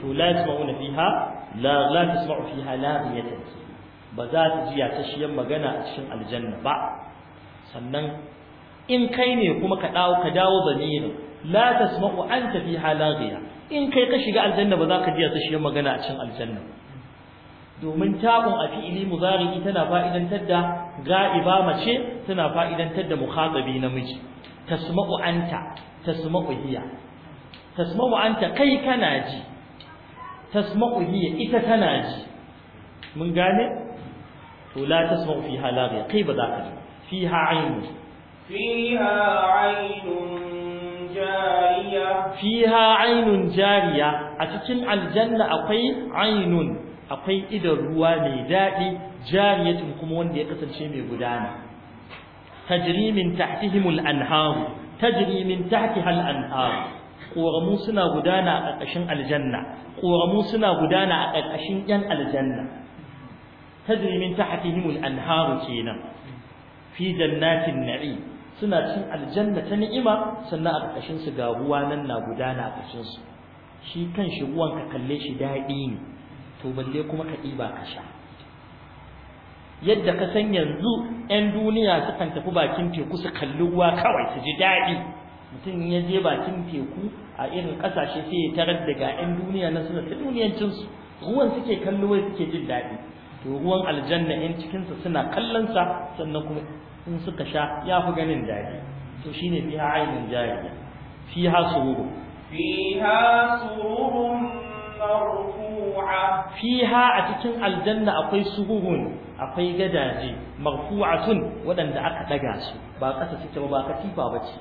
to la yasma'una fiha la la tasma'u fiha laghiyatan ba za ta ji ya magana a cikin aljanna ba sannan in kai ne kuma ka dawo ka dawo la tasma'u anta fi halaghiya in kai ka shiga aljanna ba za ka ji ya tashiyan magana a cikin aljanna domin tabun a fi'ili muzari tana fa'idantar da ga'iba mace tana fa'idantar da mukhatabi namiji tasma'u anta tasma'u hiya tasma'u anta kai kana ji tasma'u hiya ita tana ji mun gane to la tasma'u fiha laghiya kai ba za ka ji fiha aynu aynun jariya fiha aynun jariya a cikin aljanna akwai aynun akwai idan ruwa mai daɗi jariyatun kuma wanda ya kasance mai gudana tajri min tahtihimul anharu tajri min tahtiha al anharu koramu suna gudana a ƙarƙashin aljanna koramu suna gudana a ƙarƙashin 'yan aljanna tajri min tahtihim al-anharu kenan fi jannatin na'im suna cin aljanna ta ni'ima sannan a ƙarƙashin su ga ruwa nan na gudana a ƙarƙashin su shi kan shi ruwan ka kalle shi daɗi ne to balle kuma ka ɗiba ka sha yadda ka san yanzu 'yan duniya sukan tafi bakin teku su kalli ruwa kawai su ji daɗi mutum ya je bakin teku a irin ƙasashe sai ya tarar da ga 'yan duniya na suna ta duniyancinsu ruwan suke kallo wai suke jin daɗi to ruwan aljanna in cikinsa suna kallonsa sannan kuma in suka sha ya fi ganin daɗi to shine fiha ainin jariya fiha sururu fiha sururun marfu'a fiha a cikin aljanna akwai sururun akwai gadaje marfu'atun waɗanda aka daga su ba ƙasa suke ba ba katifa ba ce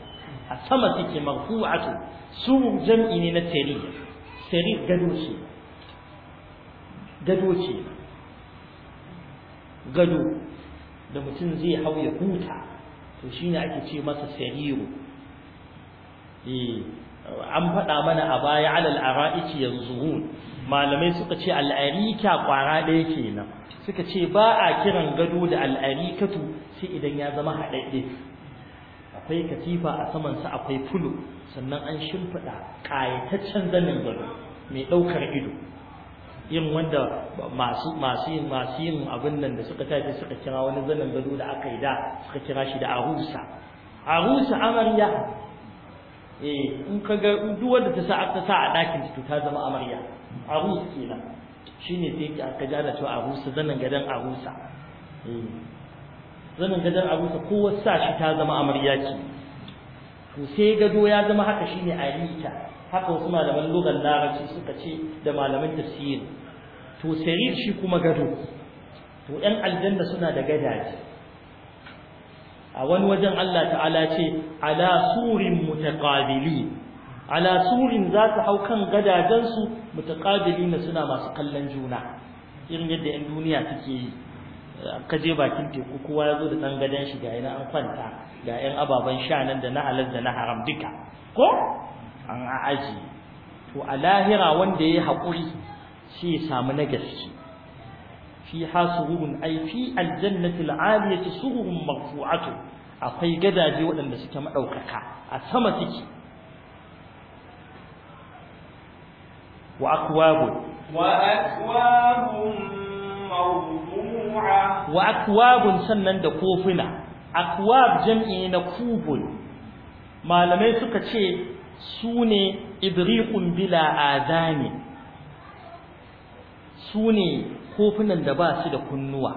a sama suke marfu'atun surur jam'i ne na sarir sarir gado ce gado ce gado da mutum zai hau ya huta to shi shine ake ce masa sariru eh, an faɗa mana a baya alal ara'ici zuhun, malamai suka ce al'arika kwara ɗaya kenan suka ce ba a kiran gado da al'arikatu sai idan ya zama haɗaɗɗe akwai katifa a samansa akwai fulo sannan an shimfiɗa ƙayataccen zanin gado mai ɗaukar ido yin wanda masu masu yin masu yin abin nan da suka tafi suka kira wani zanen gado da aka yi da suka kira shi da arusa arusa amarya eh in ka ga duk wanda ta sa ta sa a dakin to ta zama amarya arusa kenan shine sai ka ka gane to arusa zanen gadon arusa eh zanen gadon arusa kowa sa shi ta zama amarya ce to sai gado ya zama haka shine ayyuka haka wasu malaman lugan larabci suka ce da malaman tafsiri to sarir shi kuma gado to ɗan aljanna suna da gadaje a wani wajen Allah ta'ala ce ala surin mutaqabili ala surin za su hau kan gadajensu mutaqabili na suna masu kallon juna irin yadda 'yan duniya suke yi ka je bakin teku kowa ya zo da ɗan gadon shi ga yana an kwanta ga 'yan ababen sha nan da na halal da na haram duka ko an aji to a lahira wanda yayi hakuri shi ya samu na gaske fi hasurun ai fi aljannati al'aliyati sururun marfu'atu akwai gadaje waɗanda suke madaukaka a sama suke wa akwabu wa akwabun mawdu'a wa akwabun sannan da kofuna akwab jam'i na kubul malamai suka ce sune idriqun bila adani sune kofunan da ba su da kunnuwa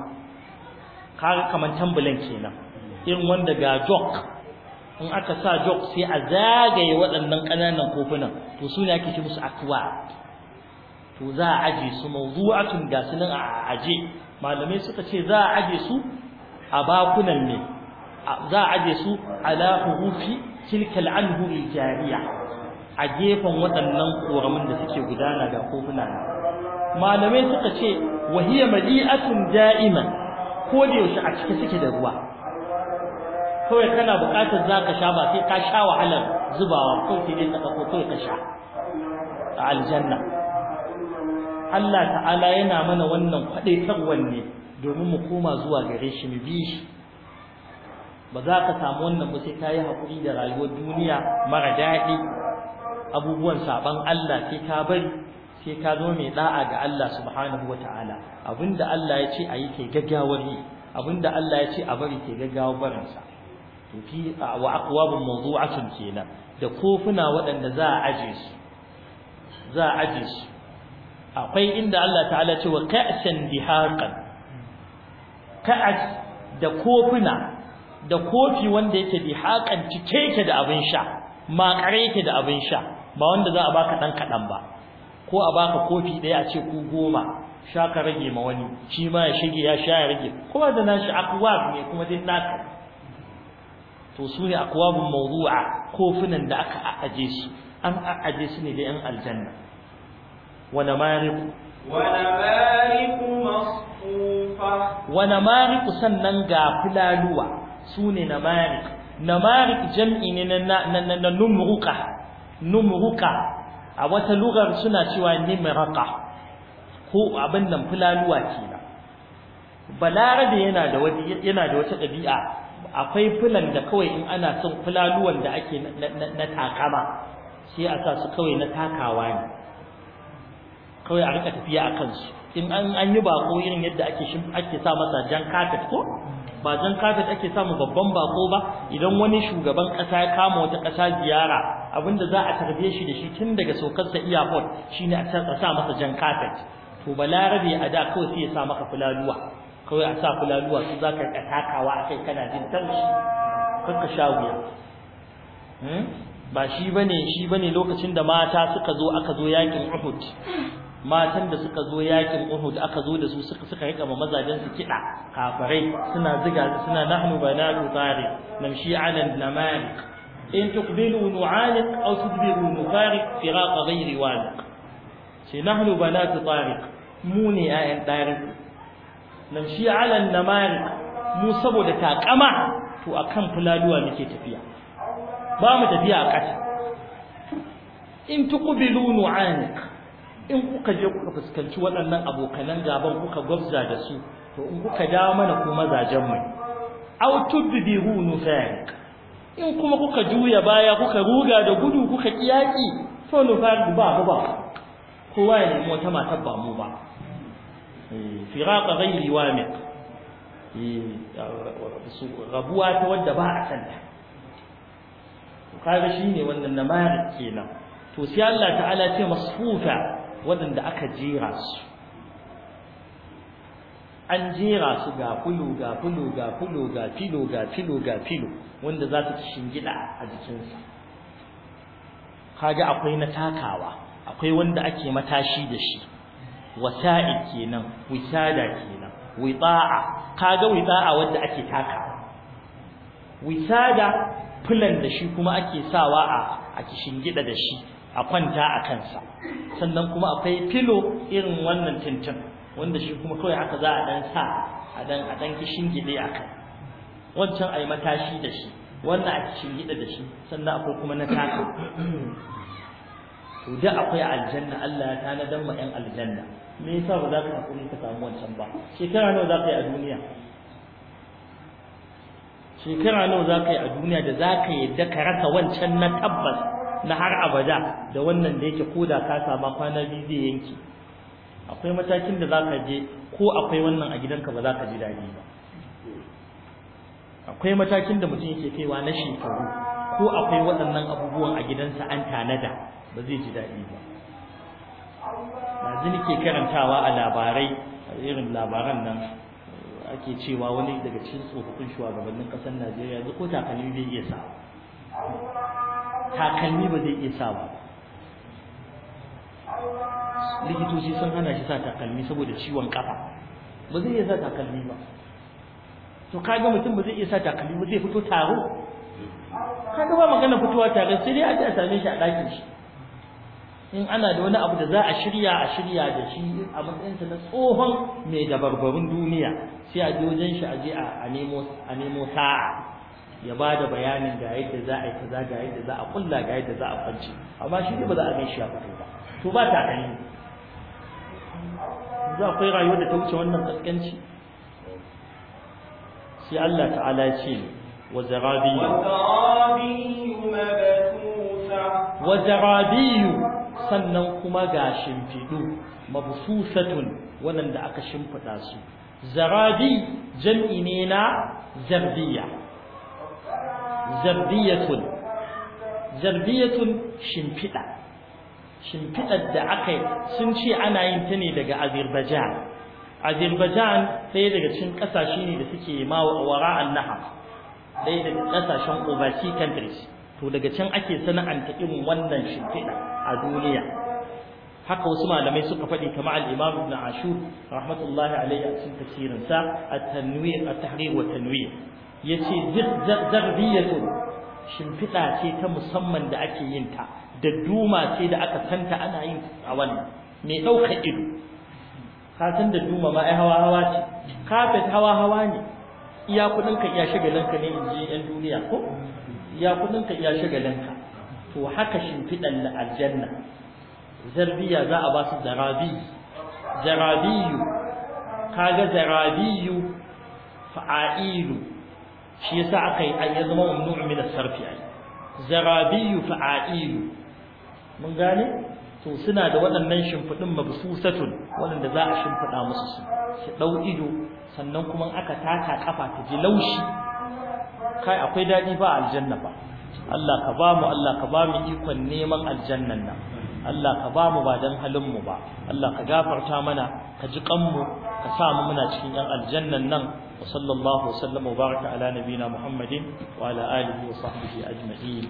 kaga kaman tambulan kenan irin wanda ga jok in aka sa jok sai a zagaye waɗannan ƙananan kofunan to sune ake ci musu akwa to za a aje su mawdu'atun ga nan a aje malamai suka ce za a aje su a bakunan ne za a aje su ala hurufi tilkal anhu jariya a gefen waɗannan koramin da suke gudana da kofuna malamai suka ce wahiya mali'atun da'iman ko da yaushe a cike suke da ruwa kawai kana buƙatar za ka sha ba sai ka sha wahalar zubawa ko sai dai saka ko kawai ka sha a aljanna Allah ta'ala yana mana wannan kwaɗaitarwan ne domin mu koma zuwa gare shi mu bi shi ba za ka samu wannan ba sai ka yi haƙuri da rayuwar duniya mara daɗi abubuwan saban Allah sai ka bari sai ka zo mai da'a ga Allah subhanahu wa ta'ala. abinda Allah ya ce a yi ke gaggawar yi abinda Allah ya ce a bari ke gaggawar barinsa to fi wa aqwabun mawdu'atun kenan da kofuna waɗanda za a aje su za a aje su akwai inda Allah ta'ala ce wa ka'san dihaqan ka'as da kofuna da kofi wanda yake bi hakan cike yake da abin sha kare yake da abin sha ba wanda za a baka dan kadan ba ko a baka kofi daya a ce ku goma sha ka rage ma wani shi ma ya shige ya sha ya rage kuma da nashi akwab ne kuma dai naka to su ne akwabun mawdu'a kofunan da aka aje su an aje su ne da yan aljanna wa namariku wa namariku masfufa wa namariku sannan ga fulaluwa su ne namarik namarik jam'i ne na numruka numruka a wata lugar suna cewa nimraka ko abin nan fulaluwa kenan balarabe yana da wata yana da wata dabi'a akwai fulan da kawai in ana son fulaluwan da ake na takama sai a sa su kawai na takawa ne kawai a rika tafiya a kansu in an yi bako irin yadda ake ake sa masa jan kafet ko ba jan kafet ake samu babban bako ba idan wani shugaban kasa ya kama wata kasa ziyara abinda za a tarbiye shi da shi tun daga saukarsa airport shine a sa masa jan kafet to balarabe a da kawai sai ya sa maka fulaluwa kawai a sa fulaluwa su zaka ka takawa a kai kana jin tarshi kakka sha wuya hmm? ba shi bane shi bane lokacin da mata suka zo aka zo yakin Uhud matan da suka zo yakin Uhud aka zo da su suka suka rika ma mazajen su kida kafirai suna ziga suna nahnu banatu tariq namshi ala namalik in tuqbilu nu'aliq aw tudbiru nufariq firaq ghairi waliq shi nahnu banatu tariq mu ne ayan tariq namshi ala namalik mu saboda takama to akan fulaluwa muke tafiya ba mu tafiya a ƙasa in tuqbilu nu'aliq in kuka je kuka fuskanci waɗannan abokanan gaban kuka gwabza da su to in kuka dawo mana ku mazajen mu aw tudbiru nufaq in kuma kuka juya baya kuka ruga da gudu kuka kiyaki to nufaq ba ba kowa ya nemi wata mata ba mu ba eh, firaqa ghayri wamiq eh, rabuwa ta wadda ba a santa kaga shine wannan namarin kenan to sai Allah ta'ala ce masfufa waɗanda aka jera su an jera su ga fulu ga fulu ga fulu ga filo ga filo ga filo wanda za ta shingida a jikinsa kaga akwai na takawa akwai wanda ake matashi da shi wasa'i kenan wisada kenan wita'a kaga wita'a wanda ake takawa wisada fulan da shi kuma ake sawa a a kishingida da shi a kwanta a kansa sannan kuma akwai filo irin wannan tintin wanda shi kuma kawai haka za a dan sa a dan a dan kishin gide akan wancan ai matashi da shi wannan a kishin gida da shi sannan akwai kuma na taka to da akwai aljanna Allah ya tanadar ma yan aljanna me yasa ba za ka hakuri ka samu wancan ba shekara nawa za ka yi a duniya shekara nawa za ka yi a duniya da za ka yadda ka rasa wancan na tabbas na har abada da wannan da yake koda ka saba kwana biyu zai yanki akwai matakin da za ka je ko akwai wannan a gidanka ba za ka ji daɗi ba akwai matakin da mutum yake kaiwa na shekaru ko akwai waɗannan abubuwan a gidansa an tanada ba zai ji daɗi ba yanzu nake karantawa a labarai irin labaran nan ake cewa wani daga cikin tsofaffin shugabannin ƙasar Najeriya duk ko takalmi bai iya sa takalmi ba zai iya sawa likitoci sun hana shi sa takalmi saboda ciwon kafa ba zai iya sa takalmi ba to kaga mutum ba zai iya sa takalmi ba zai fito taro kaga ba magana fitowa tare sai dai aje a same shi a ɗakin shi in ana da wani abu da za a shirya a shirya da shi a matsayinsa na tsohon mai dabarbarun duniya sai a je wajen shi a je a nemo a nemo sa'a ya ba da bayanin ga yadda za a yi kaza ga yadda za a kulla ga yadda za a kwance amma shi ne ba za a gan shi a fito ba to ba ta gani za akwai rayuwar da ta wuce wannan kaskanci sai Allah ta'ala ya ce wa zarabiyu wa zarabiyu sannan kuma ga shimfidu mabsusatun wannan da aka shimfida su zarabi jam'i ne na zarbiya zarbiyatun zarbiyatun shimfiɗa shimfiɗar da aka yi sun ce ana yin ta ne daga azerbaijan azerbaijan ɗaya daga cikin ne da suke ma wara'an nahar ɗaya daga ƙasashen overseas countries to daga can ake sana'anta irin wannan shimfiɗa a duniya haka wasu malamai suka faɗi kama al-Imam Ibn Ashur rahmatullahi alayhi a cikin sa at-tanwir at-tahrir wa tanwir yace zarbiyatun shimfiɗa ce ta musamman da ake yin ta da duma ce da aka santa ana yin a wannan mai ɗauka ido ka san da duma ma ai hawa hawa ce kafet hawa hawa ne iya kudin ka iya shagalin ka ne inji yan duniya ko iya kudin ka iya shagalin ka to haka shimfiɗan na aljanna zarbiya za a ba su zarabiyu zarabiyu kaga zarabiyu fa'ailu shi yasa aka yi ya zama mamnu'un min as-sarfi ai zarabiyu fa'ailu mun gane to suna da waɗannan shimfiɗin mabsusatun waɗanda za a shimfida musu su su ɗau ido sannan kuma aka taka kafa ta ji laushi kai akwai daɗi ba aljanna ba Allah ka ba mu Allah ka ba mu ikon neman aljannan nan Allah ka ba mu ba dan halin mu ba Allah ka gafarta mana ka ji kan mu ka sa mu muna cikin yan aljannan nan wa sallallahu wa sallama wa baraka ala nabina muhammadin wa ala alihi wa sahbihi ajma'in